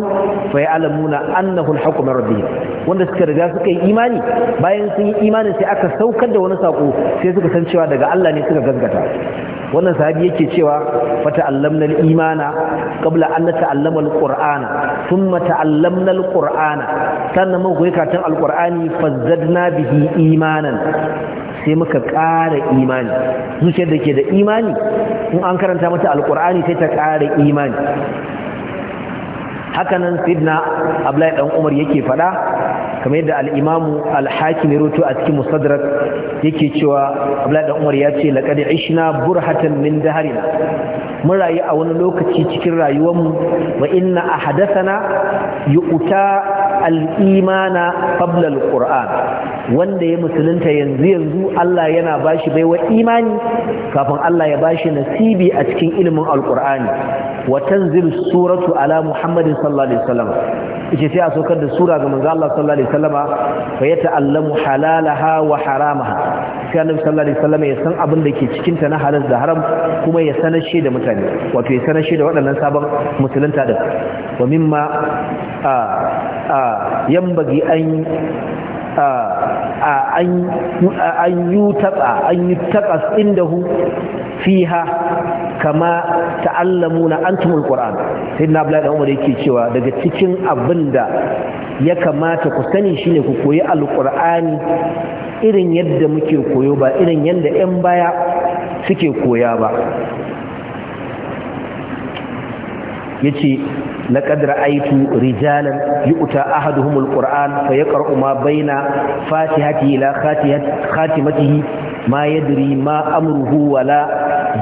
fa ya'lamuna annahu al-haqqu min rabbihim wanda suka riga suka yi imani bayan sun yi imani sai aka saukar da wani sako sai suka san cewa daga Allah ne suka gaskata wannan sahabi yake cewa fa ta'allamna al-imana qabla an nata'allama al-qur'ana thumma ta'allamna al-qur'ana sannan mun koyi karatun al-qur'ani fazzadna bihi imanan sai muka ƙara imani zuciyar da ke da imani in an karanta mata Alƙur'ani sai ta ƙara imani hakanan sidna abdullahi Ɗan umar yake faɗa kamar yadda al-imamu al roto a cikin musadrak yake cewa abdullahi Ɗan umar ya ce laqad ishina burhatan min harina?" mun rayu a wani lokaci cikin rayuwarmu wa inna yi uta. al-imana quran wanda ya musulunta yanzu yanzu Allah yana bashi baiwar imani kafin Allah ya bashi nasibi a cikin ilimin al wa tanzilu suratu ala muhammadin sallallahu alaihi wasallam yace sai a sokar da sura ga manzo Allah sallallahu alaihi wasallama fa yata'allamu halalaha wa haramaha sai annabi sallallahu alaihi wasallama ya san abin da ke cikin ta na halal da haram kuma ya sanar shi da mutane wato ya sanar shi da waɗannan sabon musulunta din wa mimma a a yambagi an a an yi taɓa an yi taɓas fiha kama ta'allamu na antumul qur'an sai na da umar yake cewa daga cikin abin da ya kamata ku sani shine ku koyi alqur'ani irin yadda muke koyo ba irin yadda 'yan baya suke koya ba yace laqad ra'aytu rijalan yu'ta ahaduhum alquran fa yaqra'u ma baina fatihati ila khatimatihi ma yadri ma amruhu wala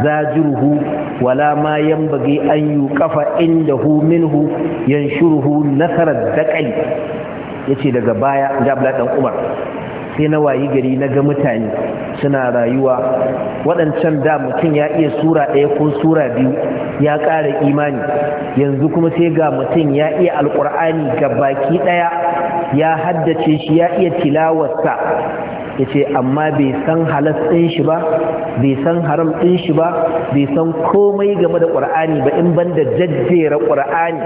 zajiruhu wala ma yanbaghi an yuqafa indahu minhu yanshuruhu nasara daqali yace daga baya da Abdullahi dan Umar sai na wayi gari na ga mutane suna rayuwa waɗancan da mutum ya iya sura ɗaya ko sura biyu ya ƙara imani yanzu kuma sai ga mutum ya iya alƙur'ani ga baki ɗaya ya haddace shi ya iya tilawarsa ya ce amma bai san halas ɗin shi ba bai san haram ɗin shi ba bai san komai game da ƙur'ani ba in ban da jajjera ƙur'ani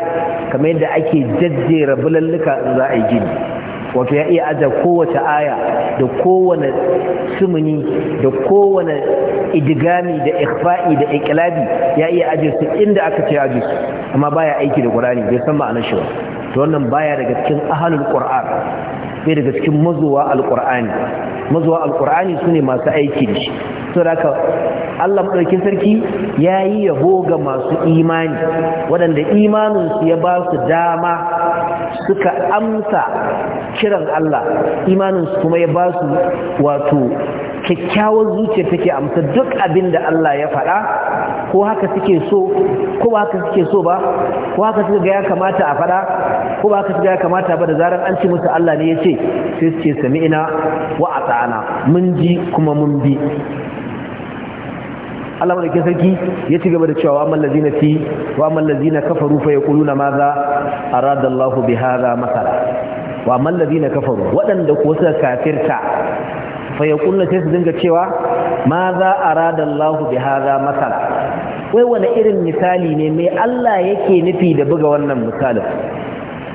kamar yadda ake jajjera bulalluka in za a yi gini wato ya iya aja kowace aya da kowane sumuni da kowane idigami da ikhfa'i da ikilabi ya iya aje su inda aka ce aje su amma baya aiki da qur'ani bai san ma'anar shi ba to wannan baya daga cikin ahlul qur'an bai daga cikin mazuwa alqur'ani mazuwa alqur'ani sune masu aiki da shi to haka Allah madaukin sarki yayi yabo ga masu imani waɗanda imanin su ya ba su dama suka amsa kiran Allah imaninsu kuma ya ba su wato kyakkyawar zuciya take amsa duk abin da Allah ya faɗa ko haka suke so ko ba haka suke so ba ko haka suka ga ya kamata a faɗa ko ba haka suka ga ya kamata ba da zarar an ce musu Allah ne ya ce sai suke sami ina wa ata'ana mun ji kuma mun bi Allah ke sarki ya ci gaba da cewa amal lazina fi wa amal lazina kafaru fa yaquluna maza a bi hadha masara. wa amma alladhina kafaru waɗanda ko suka kafirta fa yaquluna sai su dinga cewa ma za arada Allahu bi hadha masala wai wani irin misali ne mai Allah yake nufi da buga wannan misalin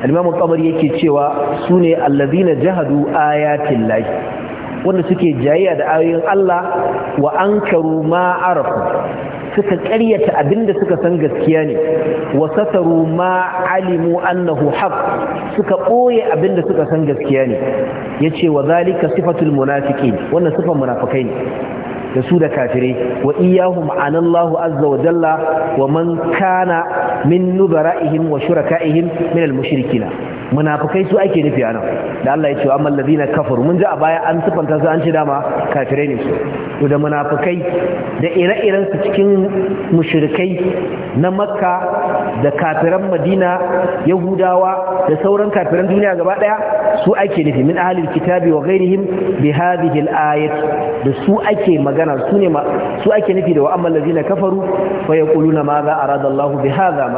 al-imamu yake cewa sune alladhina jahadu ayatin lahi wanda suke jayayya da ayoyin Allah wa ankaru ma arafu suka ƙaryata abinda suka san gaskiya ne wa sasaru ma alimu annahu haq suka ɓoye abinda suka san gaskiya ne yace wa zalika sifatul munafiqin wannan sifan munafikai ne da su da kafirai wa iyahum anallahu azza wa jalla wa man kana min nubara'ihim wa shuraka'ihim min al-mushrikina munafikai su ake nufi anan da Allah ya ce amma allazina kafaru mun ji a baya an sifanta su an ce dama kafirai ne su to da munafikai da ire-iren su cikin mushrikai na makka da kafiran madina yahudawa da sauran kafiran duniya gaba daya su ake nufi min ahlil kitabi wa ghairihim bi hadhihi al-ayat da su ake magana su ne su ake nufi da wa amma allazina kafaru fa yaquluna ma za arada Allah bi hadha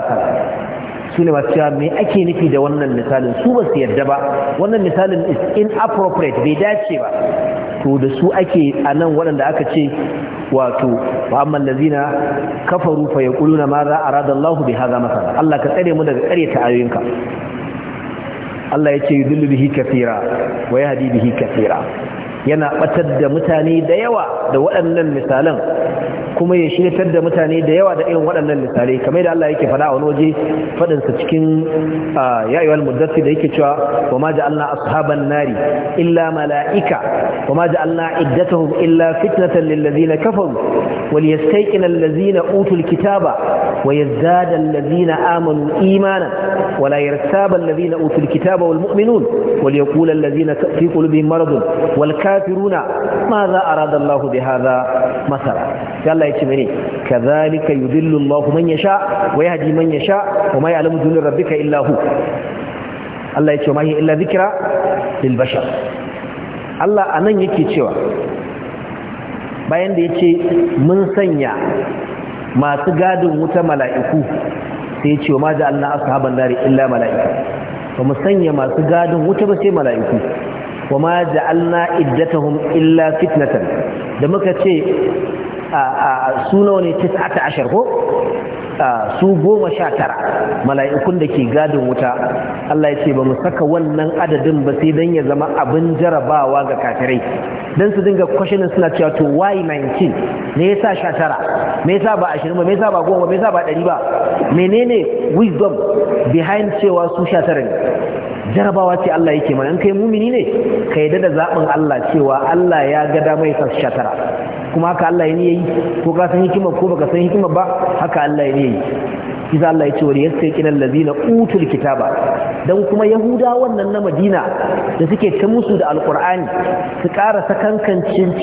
su ne masu cewa me ake nufi da wannan misalin su ba su yadda ba wannan misalin is inappropriate bai dace ba to da su ake a nan waɗanda aka ce wato muhammad lazina kafaru fa yaquluna ma za arada Allah bi hadha masala Allah ka tsare mu daga ƙaryata ayoyinka Allah ya ce yudillu bihi kathira wa yahdi bihi kathira yana batar da mutane da yawa da waɗannan misalan kuma ya shiryatar da mutane da yawa da irin waɗannan misalai kamar da Allah yake faɗa a wani waje faɗinsa cikin ya ayyuhal da yake cewa wa ma ja'alna ashaban nari illa mala'ika wa ma ja'alna iddatuhum illa fitnatan lil ladzina kafaru wal yastayqina allazina utul kitaba wa yazdada allazina amanu imanan wa la yartaba allazina utul kitaba wal mu'minun wal yaqula allazina fi qulubihim maradun wal kafiruna madha arada Allahu bi hadha masara Allah ya ce mene kadhalika yudillu Allahu man yasha wa yahdi man yasha wa ma ya'lamu dunin rabbika illa hu Allah ya ce ma hiya illa dhikra lil bashar Allah anan yake cewa bayan da yace mun sanya masu gadin wuta mala'iku sai ya ce ma ja'alna ashaban nari illa mala'ika ba mu sanya masu gadin wuta ba sai mala'iku wa ma ja'alna iddatahum illa fitnatan da muka ce su nawa ne 19 ko su goma sha tara mala'ikun da ke gadin wuta Allah ya ce ba mu saka wannan adadin ba sai don ya zama abin jarabawa ga kafirai don su dinga kwashinin suna cewa to why 19 me yasa sha tara me yasa ba ashirin ba me yasa ba goma ba me yasa ba ɗari ba menene wisdom behind cewa su sha tara ne jarabawa ce Allah yake mana in kai mumini ne ka yadda da zaɓin Allah cewa Allah ya ga dama yasa sha tara kuma haka Allah ya yi ko ka san hikima ko baka san hikima ba haka Allah ya yi yayi kiza Allah ya ce wani yasta yakin allazina utul kitaba dan kuma yahuda wannan na madina da suke ta musu da alkur'ani su ƙara sakankancin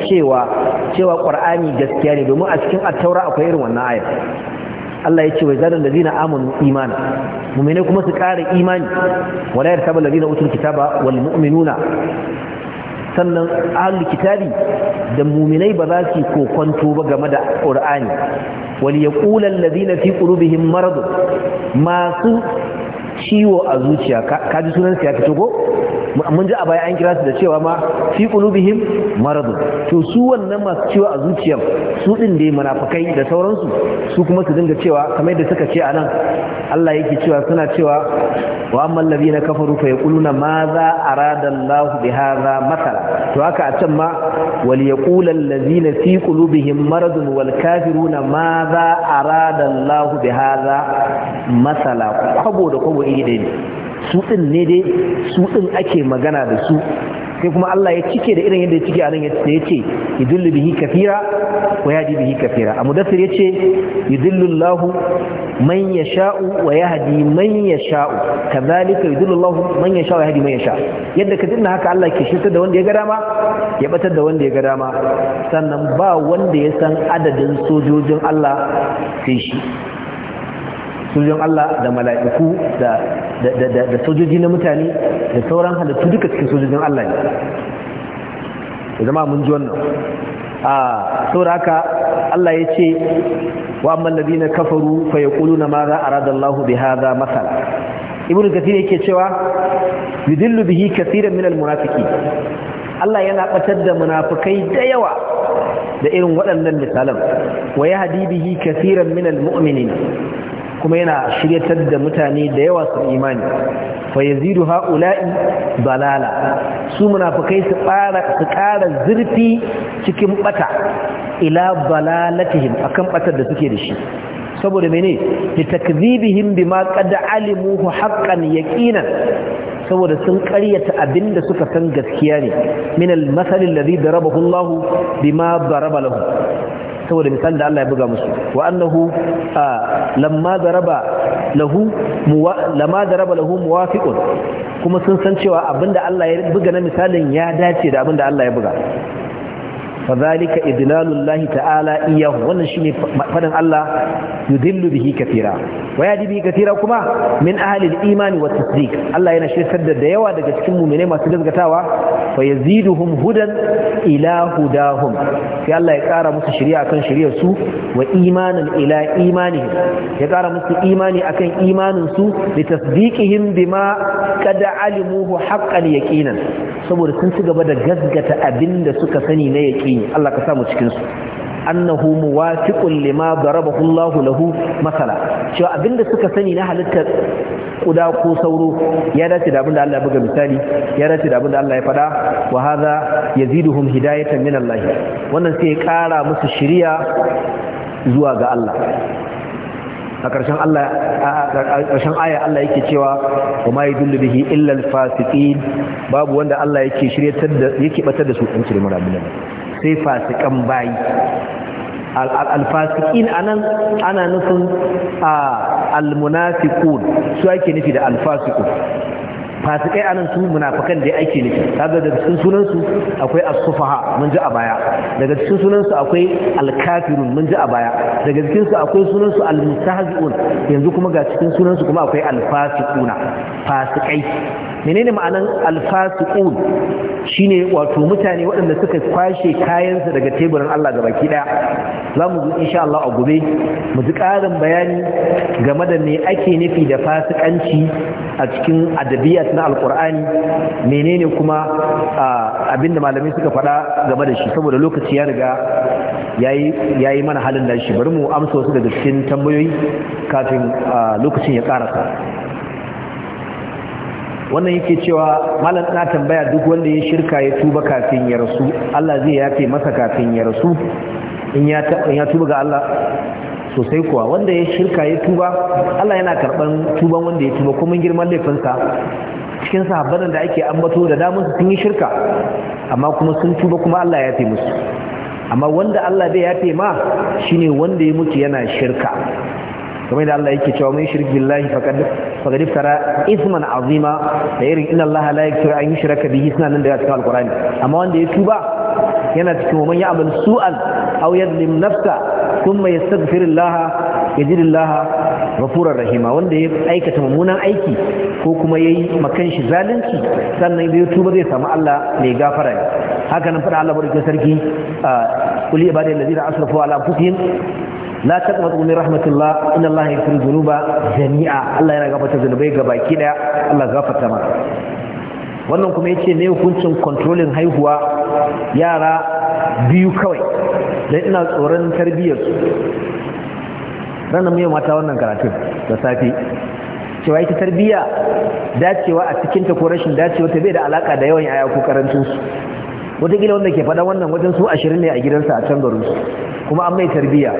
su cewa qur'ani gaskiya ne domin a cikin Attaura akwai irin wannan ayat Allah ya ce wai zaran da zina amanu imana mu'mine kuma su ƙara imani wala yartaba allazina utul kitaba wal mu'minuna sannan ahlul kitabi da muminai ba za su kokwanto ba game da qur'ani wal yaqulu alladhina fi qulubihim marad masu ciwo a zuciya ka ji sunansu ya fito ko mun ji a baya an kira su da cewa ma fi qulubihim maradun to su wannan masu ciwo a zuciyar su din da munafikai da sauransu su kuma su dinga cewa kamar da suka ce anan Allah yake cewa suna cewa wa amman ladina kafaru fa yaquluna ma za arada Allah bi hadha mathala to haka a can ma wal yaqula allazina fi qulubihim maradun wal kafiruna ma za arada Allah bi hadha mathala kwabo da kwabo iri ne su ɗin ne dai su ɗin ake magana da su sai kuma Allah ya cike da irin yadda ya cike a nan da ya ce yudullu bihi kafira wa yahdi bihi kafira a mudassir ya ce yudullu Allah man yasha'u wa yahdi man yasha'u kazalika yudullu Allah man yasha'u wa yahdi man yasha'u yadda ka dinna haka Allah ke shirtar da wanda ya ga dama ya batar da wanda ya ga dama sannan ba wanda ya san adadin sojojin Allah sai shi sojojin Allah da mala'iku da sojoji na mutane da sauran halittu duka cikin sojojin Allah ne Da zama mun ji wannan a saboda haka Allah ya ce wa amman ladina kafaru fa kulu na maza a Allah bi hadha masala ibn kathir yake cewa yudillu bihi kasiran min al Allah yana batar da munafikai da yawa da irin waɗannan misalan wa hadi bihi kasiran min al mu'minin kuma yana shiryatar da mutane da yawa su imani fa yazidu haula'i balala su munafikai su ƙara su zurfi cikin bata ila balalatihim akan batar da suke da shi saboda mene li takdhibihim bima qad alimuhu haqqan yaqinan saboda sun ƙaryata abinda suka san gaskiya ne min al-masal alladhi darabahu Allah bima daraba lahu saboda misali da Allah ya buga musu wa annahu lamma daraba lahu lamma daraba lahu muwafiqun kuma sun san cewa abinda Allah ya buga na misalin ya dace da abinda Allah ya buga fadhalika idlalullahi ta'ala iyahu wannan shine faɗin Allah yudillu bihi kafira. wa yadi bihi kathira kuma min ahli al-iman wa tasdiq Allah yana shirkar da yawa daga cikin mu'minai masu gaskatawa fa yaziduhum hudan ila hudahum sai Allah ya kara musu shari'a akan shari'ar wa imanan ila imanihim ya kara musu imani akan imanin su li tasdiqihim bima qad alimuhu haqqan yaqinan saboda sun ci gaba da gasgata abinda suka sani na yaqin addini Allah ka samu cikin su annahu muwafiqun lima darabahu Allah lahu masala cewa abinda suka sani na halitta kuda ko sauro ya dace da abinda Allah ya buga misali ya dace da abinda Allah ya faɗa wa hadha yaziduhum hidayatan min Allah wannan sai ya kara musu shiriya zuwa ga Allah a ƙarshen Allah a ƙarshen aya Allah yake cewa wa ma yadullu bihi illa al-fasiqin babu wanda Allah yake shiryatar da yake batar da su ɗan cire marabin sai fasikan bayi alfasikin anan ana nufin a almunafikun su ake nufi da alfasikun fasikai anan su munafikan da ake nufi daga daga cikin sunansu akwai asufaha mun ji a baya daga cikin sunansu akwai alkafirun mun ji a baya daga cikin su akwai sunansu su yanzu kuma ga cikin sunansu kuma akwai alfasikuna fasikai menene ma'anan alfasiqun shine wato mutane waɗanda suka kwashe kayansu daga teburin Allah ga baki daya za mu zo insha Allah a gobe mu ji ƙarin bayani game da me ake nufi da fasikanci a cikin adabiyat na alqur'ani menene kuma abinda malamai suka faɗa game da shi saboda lokaci ya riga yayi mana halin da shi bari mu amsa wasu daga cikin tambayoyi kafin lokacin ya ƙarasa wannan yake cewa malam na tambaya duk wanda ya shirka ya tuba kafin ya rasu Allah zai yafe masa kafin ya rasu in ya tuba ga Allah sosai kuwa wanda ya shirka ya tuba Allah yana karban tuban wanda ya tuba kuma girman laifinsa cikin sahabban da ake ambato da damun sun yi shirka amma kuma sun tuba kuma Allah ya yafe musu amma wanda Allah bai yafe ma shine wanda ya mutu yana shirka kamar da Allah yake cewa mun shirki billahi faqad faqad iftara isman azima da irin inna Allah la yaghfiru an yushraka bihi suna nan da yake alqur'ani amma wanda ya tuba yana cikin man ya'mal su'an aw yadlim nafsa thumma yajid Allah ghafurur rahima wanda ya aikata mummunan aiki ko kuma yayi makan shi zalunci sannan ya tuba zai samu Allah mai gafara haka nan fada Allah barkin sarki kuli ibadai da asrafu ala anfusihim la taqnatu min rahmatillah inna allaha yaghfiru dhunuba jami'a Allah yana gafarta zunubai ga baki daya Allah gafarta ma. wannan kuma yace ne hukuncin controlling haihuwa yara biyu kawai dan ina tsoron tarbiyyar su ranar mu mata wannan karatu da safi cewa ita tarbiyya dacewa a cikin ta ko rashin dacewa ta bai da alaka da yawan yaya ko karancin su wataƙila wanda ke faɗa wannan wajen su ashirin ne a gidansa a can garin kuma an mai tarbiyya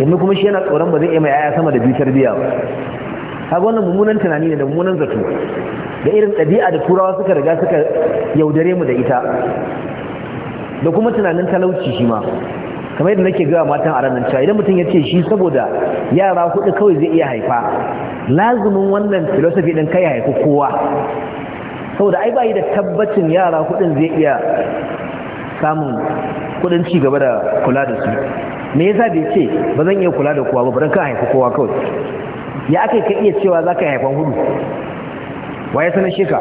yanzu kuma shi yana tsoron ba zai iya mai yaya sama da biyu tarbiyya ba kaga wannan mummunan tunani ne da mummunan zato da irin ɗabi'a da turawa suka riga suka yaudare mu da ita da kuma tunanin talauci shi ma kamar yadda nake gawa matan a ranar cewa idan mutum ya ce shi saboda yara hudu kawai zai iya haifa lazumin wannan filosofi ɗin kai haifi kowa saboda ai bai da tabbacin yara kuɗin zai iya samun kudin ci gaba da kula da su me yasa bai ce ba zan iya kula da kowa ba bari ka haifi kowa kawai ya aka ka iya cewa za ka haifan hudu waye sanar shi ka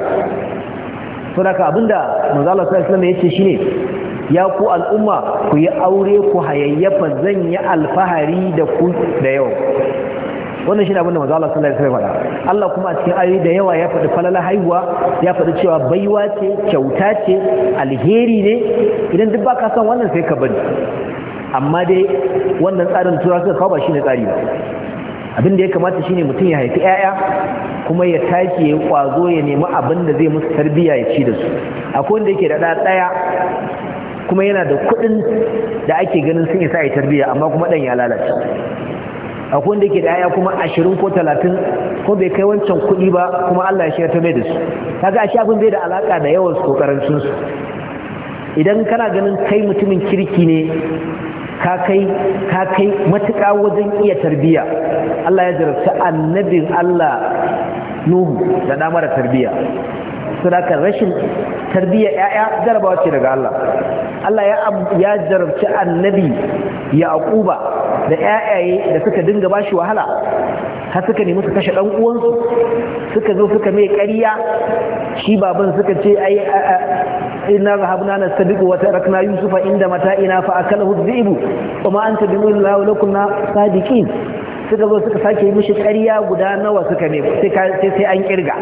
saboda ka abinda manzo Allah sallallahu alaihi wasallam ya ce shine ya ku al'umma ku yi aure ku hayayyafa zan yi alfahari da ku da yau wannan shi ne abinda manzo Allah sallallahu faɗa Allah kuma a cikin ayoyi da yawa ya faɗi falala haihuwa ya faɗi cewa baiwa ce kyauta ce alheri ne idan duk baka san wannan sai ka bari amma dai wannan tsarin tura suka kawo ba ne tsari ba abin da ya kamata shi ne mutum ya haifi 'ya'ya kuma ya tashi ya kwazo ya nemi abin da zai musu tarbiyya ya ci da su akwai wanda yake da ɗaya kuma yana da kuɗin da ake ganin sun isa a tarbiyya amma kuma ɗan ya lalace akwai wanda yake da yaya kuma ashirin ko talatin ko bai kai wancan kuɗi ba kuma Allah ya shirya ta mai da su kaga a shafin bai da alaka da yawan ko karancin su idan kana ganin kai mutumin kirki ne ka kai ka kai matuƙa wajen iya tarbiyya Allah ya jarabta annabin Allah Nuhu da damar mara tarbiyya saboda rashin tarbiyyar yaya jarabawa ce daga Allah Allah ya ya jarabci annabi yaquba da ‘ya’yaye da suka dinga bashi wahala har suka nemi su kashe dan uwansu suka zo suka mai ƙarya shi baban suka ce ai inna zahabna nastabiqu wa tarakna yusufa inda mata ina fa akalahu dhibu wa ma anta bimullahi lakunna sadiqin suka zo suka sake mishi ƙarya guda nawa suka ne sai an kirga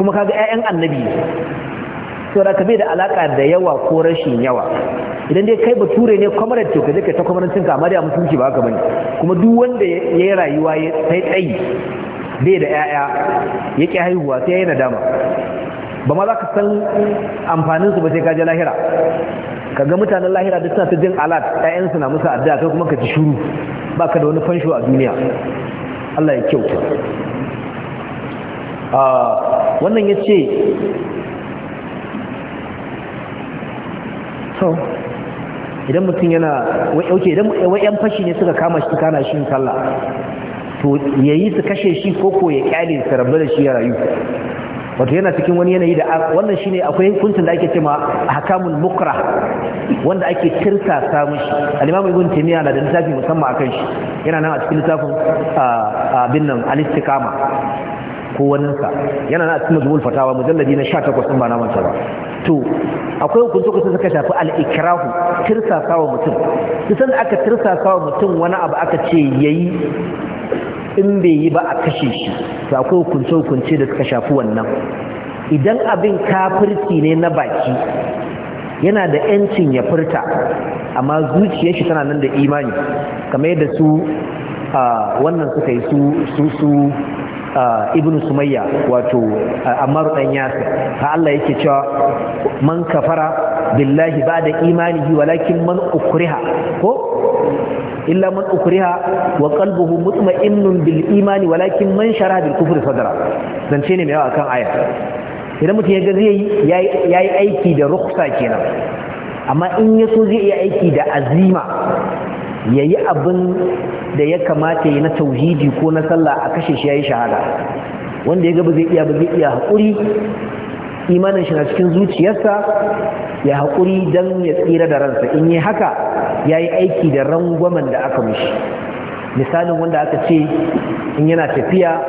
kuma kaga ƴaƴan annabi saboda ka bai da alaka da yawa ko rashin yawa idan dai kai bature ne kwamarar ce ka je kai ta kwamarancin cinka amma dai a mutunci ba haka bane kuma duk wanda ya yi rayuwa ya sai tsayi bai da 'ya'ya ya ƙi haihuwa sai ya yi nadama ba ma za ka san amfanin su ba sai ka je lahira ka ga mutanen lahira duk suna ta jin alat ƴaƴansu na musu addu'a kai kuma ka ci shuru ka da wani fansho a duniya Allah ya kyauta ah, wannan ya ce so idan mutum yana wauke idan yan fashi ne suka kama shi kana shi sallah to yayi su kashe shi ko ko ya kyale su rabu da shi ya rayu wato yana cikin wani yanayi da wannan shine akwai hukuncin da ake cewa hakamul mukra wanda ake tirsa ta mishi al-imamu ibn taymiya na da littafi musamman akan shi yana nan a cikin littafin abin nan al-istiqama ko yana na cikin majmu'ul fatawa mujalladi na takwas din ba na manta ba to akwai hukunci kusa suka shafi al-ikrahu tirsasawa mutum kisan da aka tirsasawa mutum wani abu aka ce yayi in bai yi ba a kashe shi to akwai hukunce hukunce da suka shafi wannan idan abin kafirci ne na baki yana da yancin ya furta amma zuciyar tana nan da imani kamar yadda su wannan suka yi su su ibnu sumayya wato Ammaru dan yasir ha Allah yake cewa man kafara billahi ba'da imanihi walakin man ukriha ko illa man ukriha wa qalbuhu mutma'innun bil imani walakin man shara bil kufri sadra zance ne mai yawa kan aya idan mutum ya ga zai yi aiki da rukhsa kenan amma in ya so zai iya aiki da azima Yayi yi abin da ya kamata ya na tauhidi ko na sallah a kashe shi ya yi shahada wanda ya gaba zai iya ba zai iya haƙuri imanin shi na cikin zuciyarsa ya haƙuri don ya tsira da ransa in yi haka ya yi aiki da rangwamen da aka mishi misalin wanda aka ce in yana tafiya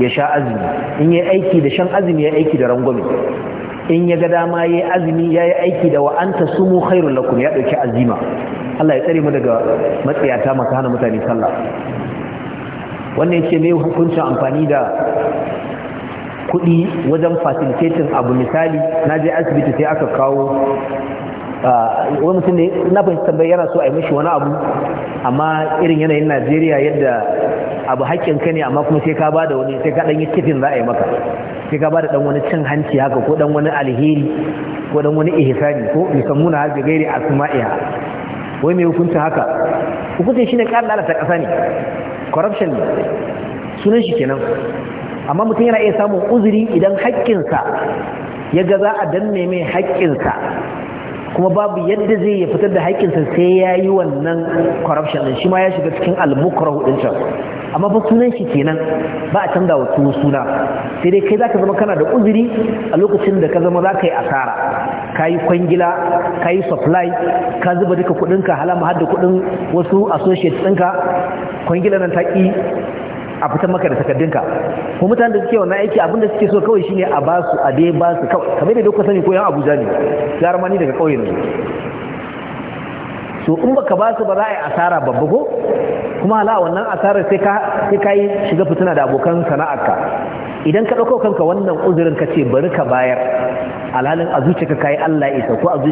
ya sha azumi in yi aiki da shan azumi ya aiki da rangwamen. in ya ga dama ya yi azumi ya yi aiki da wa'anta su mu khairun lakum ya ɗauki azima Allah ya tsare mu daga matsayata masu hana mutane sallah wannan ce mai hukuncin amfani da kuɗi wajen facilitating abu misali na je asibiti sai aka kawo Ah, wani mutum ne na fahimci tambayi yana so a yi mashi wani abu amma irin yanayin najeriya yadda abu haƙƙin ka ne amma kuma sai ka bada wani sai ka ɗan yi kifin za a yi maka sai ka bada ɗan wani cin hanci haka ko ɗan wani alheri ko ɗan wani ihsani ko yusammuna muna haka gairi asma'iha wai mai hukuncin haka hukuncin shine ƙara lalata ƙasa ne corruption ne sunan shi kenan amma mutum yana iya samun uzuri idan haƙƙinsa ya ga za a danne mai haƙƙinsa kuma babu yadda zai ya fitar da haƙƙinsa sai ya yi wannan corruption din shi ma ya shiga cikin almukrahu din can amma fa sunan shi kenan ba a canza wa suna sai dai kai zaka zama kana da uzuri a lokacin da ka zama zaka yi asara ka yi kwangila ka yi supply ka zuba duka kuɗin halama har da kuɗin wasu associates ɗinka kwangila nan ta ƙi a fitar maka da takardunka ko mutanen da suke wannan aiki abinda suke so kawai shine a ba su a dai ba su kawai kamar da duka sani ko yan Abuja ne yar mani daga kauye ne so in baka ba su ba za a yi asara babba ko kuma hala wannan asarar sai ka sai kai shiga fitina da abokan sana'arka idan ka ɗauko kanka wannan uzurin ka ce bari ka bayar alhalin a zuciyarka kai Allah ya isa ko a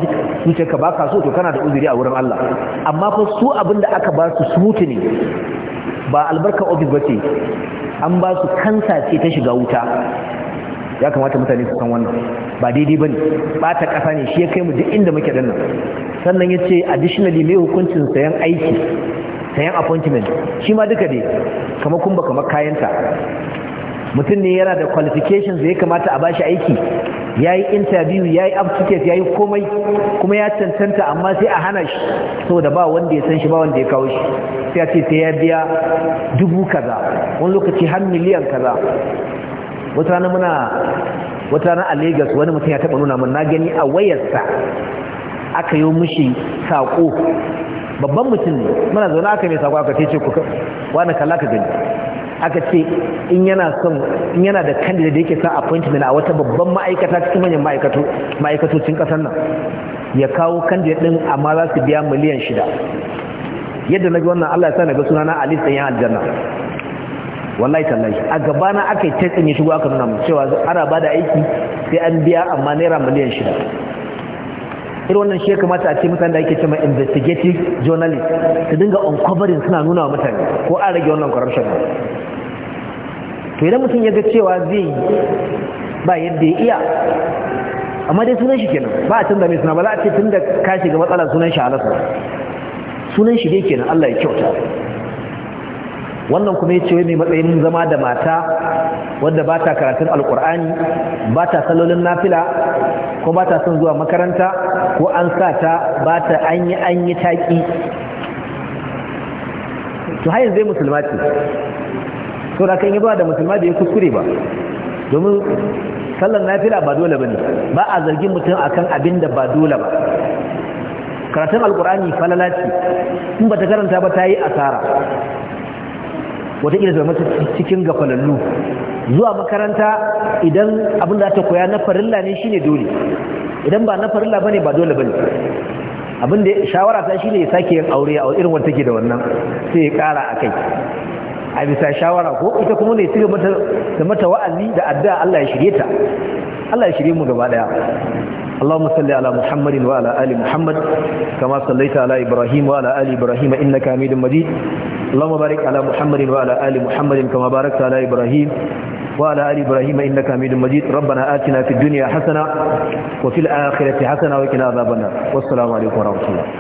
zuciyarka baka so to kana da uzuri a wurin Allah amma fa su abinda aka ba su su ne ba albarkar ofis ba ce an ba su kansa ce ta shiga wuta ya kamata mutane su san wannan ba daidai ba bane bata kasa ne shi ya kai mu duk inda muke dannan sannan ya ce additionally mai hukuncin sayan aiki sayan appointment shi ma duka dai kamar kun ba kamar kayanta mutum ne yana da qualifications da ya kamata a ba shi aiki ya yi interview ya yi aptitude ya yi komai kuma ya cancanta amma sai a hana shi saboda ba wanda ya san shi ba wanda ya kawo shi sai a ce sai ya biya dubu kaza wani lokaci har miliyan kaza wata rana muna wata rana a Lagos wani mutum ya taɓa nuna mun na gani a wayarsa aka yi mushi saƙo babban mutum ne muna zaune aka mai sako aka ce ku wani kalla ka gani aka ce in yana son in yana da candidate da yake sa appointment a wata babban ma'aikata cikin manyan ma'aikato ma'aikatocin kasar nan ya kawo candidate din amma za su biya miliyan shida yadda na ga wannan Allah ya sa na ga sunana Ali ya Aljanna wallahi tallahi a gaba na aka yi tatsin shigo aka nuna mu cewa ana bada aiki sai an biya amma naira miliyan shida irin wannan shi ya kamata a ce mutane da ake cewa investigative journalist su dinga uncovering suna nuna wa mutane ko an rage wannan corruption ba. to idan mutum ya ga cewa zai yi ba yadda ya iya amma dai sunan shi kenan ba a canza mai suna ba za a ce tun da ka shiga matsalar sunan shi halasta sunan shi dai kenan Allah ya kyauta wannan kuma ya ce wai mai matsayin zama da mata wadda ba ta karatun alkur'ani ba ta salolin nafila ko ba ta son zuwa makaranta ko an sa ta ba ta an yi an yi taƙi to hayan zai musulma ce to da kan yi ba da musulma da ya kuskure ba domin sallar nafila ba dole ba ne ba a zargin mutum kan abin da ba dole ba karatun alkur'ani falala ce in ba ta karanta ba ta yi asara wataƙila zama cikin gafalallu zuwa makaranta idan abin da ta koya na farilla ne shine dole idan ba na farilla bane ba dole bane abin da shawara ta shine ya sake yin aure a irin wanda take da wannan sai ya kara akai a bisa shawara ko ita kuma ne tuga mata da mata wa'azi da addu'a Allah ya shirye ta Allah ya shirye mu gaba daya اللهم صل على محمد وعلى ال محمد كما صليت على ابراهيم وعلى ال ابراهيم انك حميد مجيد اللهم بارك على محمد وعلى آل محمد كما باركت على إبراهيم وعلى آل إبراهيم إنك حميد مجيد ربنا آتنا في الدنيا حسنة وفي الآخرة حسنة وقنا عذاب النار والسلام عليكم ورحمة الله